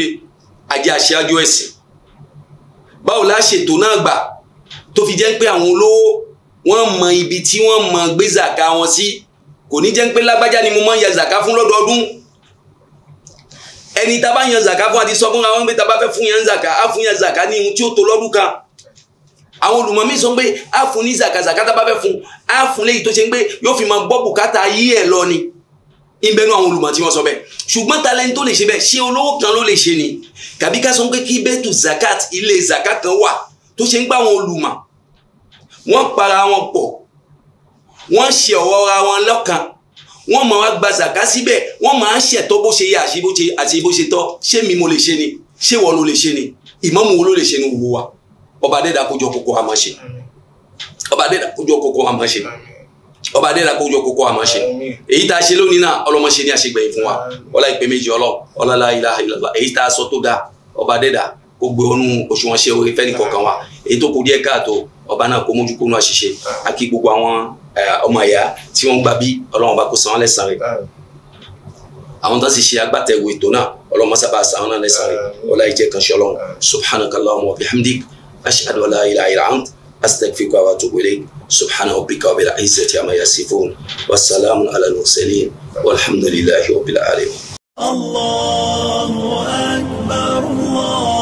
B: a aṣáájú ẹ̀sìn báwo la ṣètò náà gbà tó fi jẹ́ pé àwọn olówó wọ́n mọ ibi tí wọ́n mọ gbé zàká wọn sí kò ní jẹ́ pé lágbájá ni mo máa ya zàká fún lọ́dọọdún ẹni tá a bá yan zàká fún àti sọ fún àwọn pé tá a bá fẹ́ fún yan zàká á fún yan zàká ní ohun tí ó tó lọ́dún kan àwọn olùmọ̀mí sọ pé á fún ní zàká zàká tá a bá fẹ́ fún á fún léyìí tó ṣe pé yóò fi máa gbọ́ bùkátà yí ẹ̀ lọ ni ìbẹnu àwọn olùmọ̀ tí wọ́n sọ bẹ́ẹ̀ ṣùgbọ́n ta lẹni tó lè ṣe bẹ́ẹ̀ ṣé olówó kan ló lè ṣe ni kàbí ká sọ pé kí bẹ́ẹ̀tù zakat ilé zakat kan wà tó ṣe ń gbà àwọn olùmọ̀ wọ́n para wọn pọ̀ wọ́n ṣe ọ̀rọ̀ ra wọn lọ́kan wọ́n máa wá gba zakat síbẹ̀ wọ́n máa ń ṣètọ́ bó ṣe yẹ àti bó ṣe tọ́ ṣé mi mo lè ṣe ni ṣé wọ́n ló lè ṣe ni ìmámù wo ló lè ṣe ni wò wá ọba adẹ́dàá kójọ kókó àmọ́ ṣe ọba adẹ́dàá kójọ kókó àmọ́ ṣe ọba adé làkó ojú okòkò àmọ́ ṣe èyí tá a ṣe lónìí náà ọlọmọṣe ni àṣegbẹ̀yìn fún wa ọlá ìpè méjì ọlọ ọlọlá ilà ìlọlá èyí tá a sọ tó dáa ọba adé dà kó gbé ọnù òṣùwọ̀n ṣe orí fẹ́ni kọ̀ọ̀kan wa èyí tó kù díẹ̀ káàtó ọba náà kó mójú kó nù àṣìṣe àkí gbogbo àwọn ọmọ ẹ̀yà tí wọ́n ń bí ọlọ́run bá kó san án rẹ̀ àwọn tó sì ṣe agbátẹ̀wò ètò náà ọlọ́run sábà san án lẹ́san rẹ̀ ọlá ìjẹ́ kan ṣọlọ́run subhanakallahumma wa bihamdik ashhadu an la ilaha illa ant أستغفرك وأتوب إليك سبحان ربك رب العزة عما يصفون والسلام على المرسلين والحمد لله رب العالمين
A: الله أكبر الله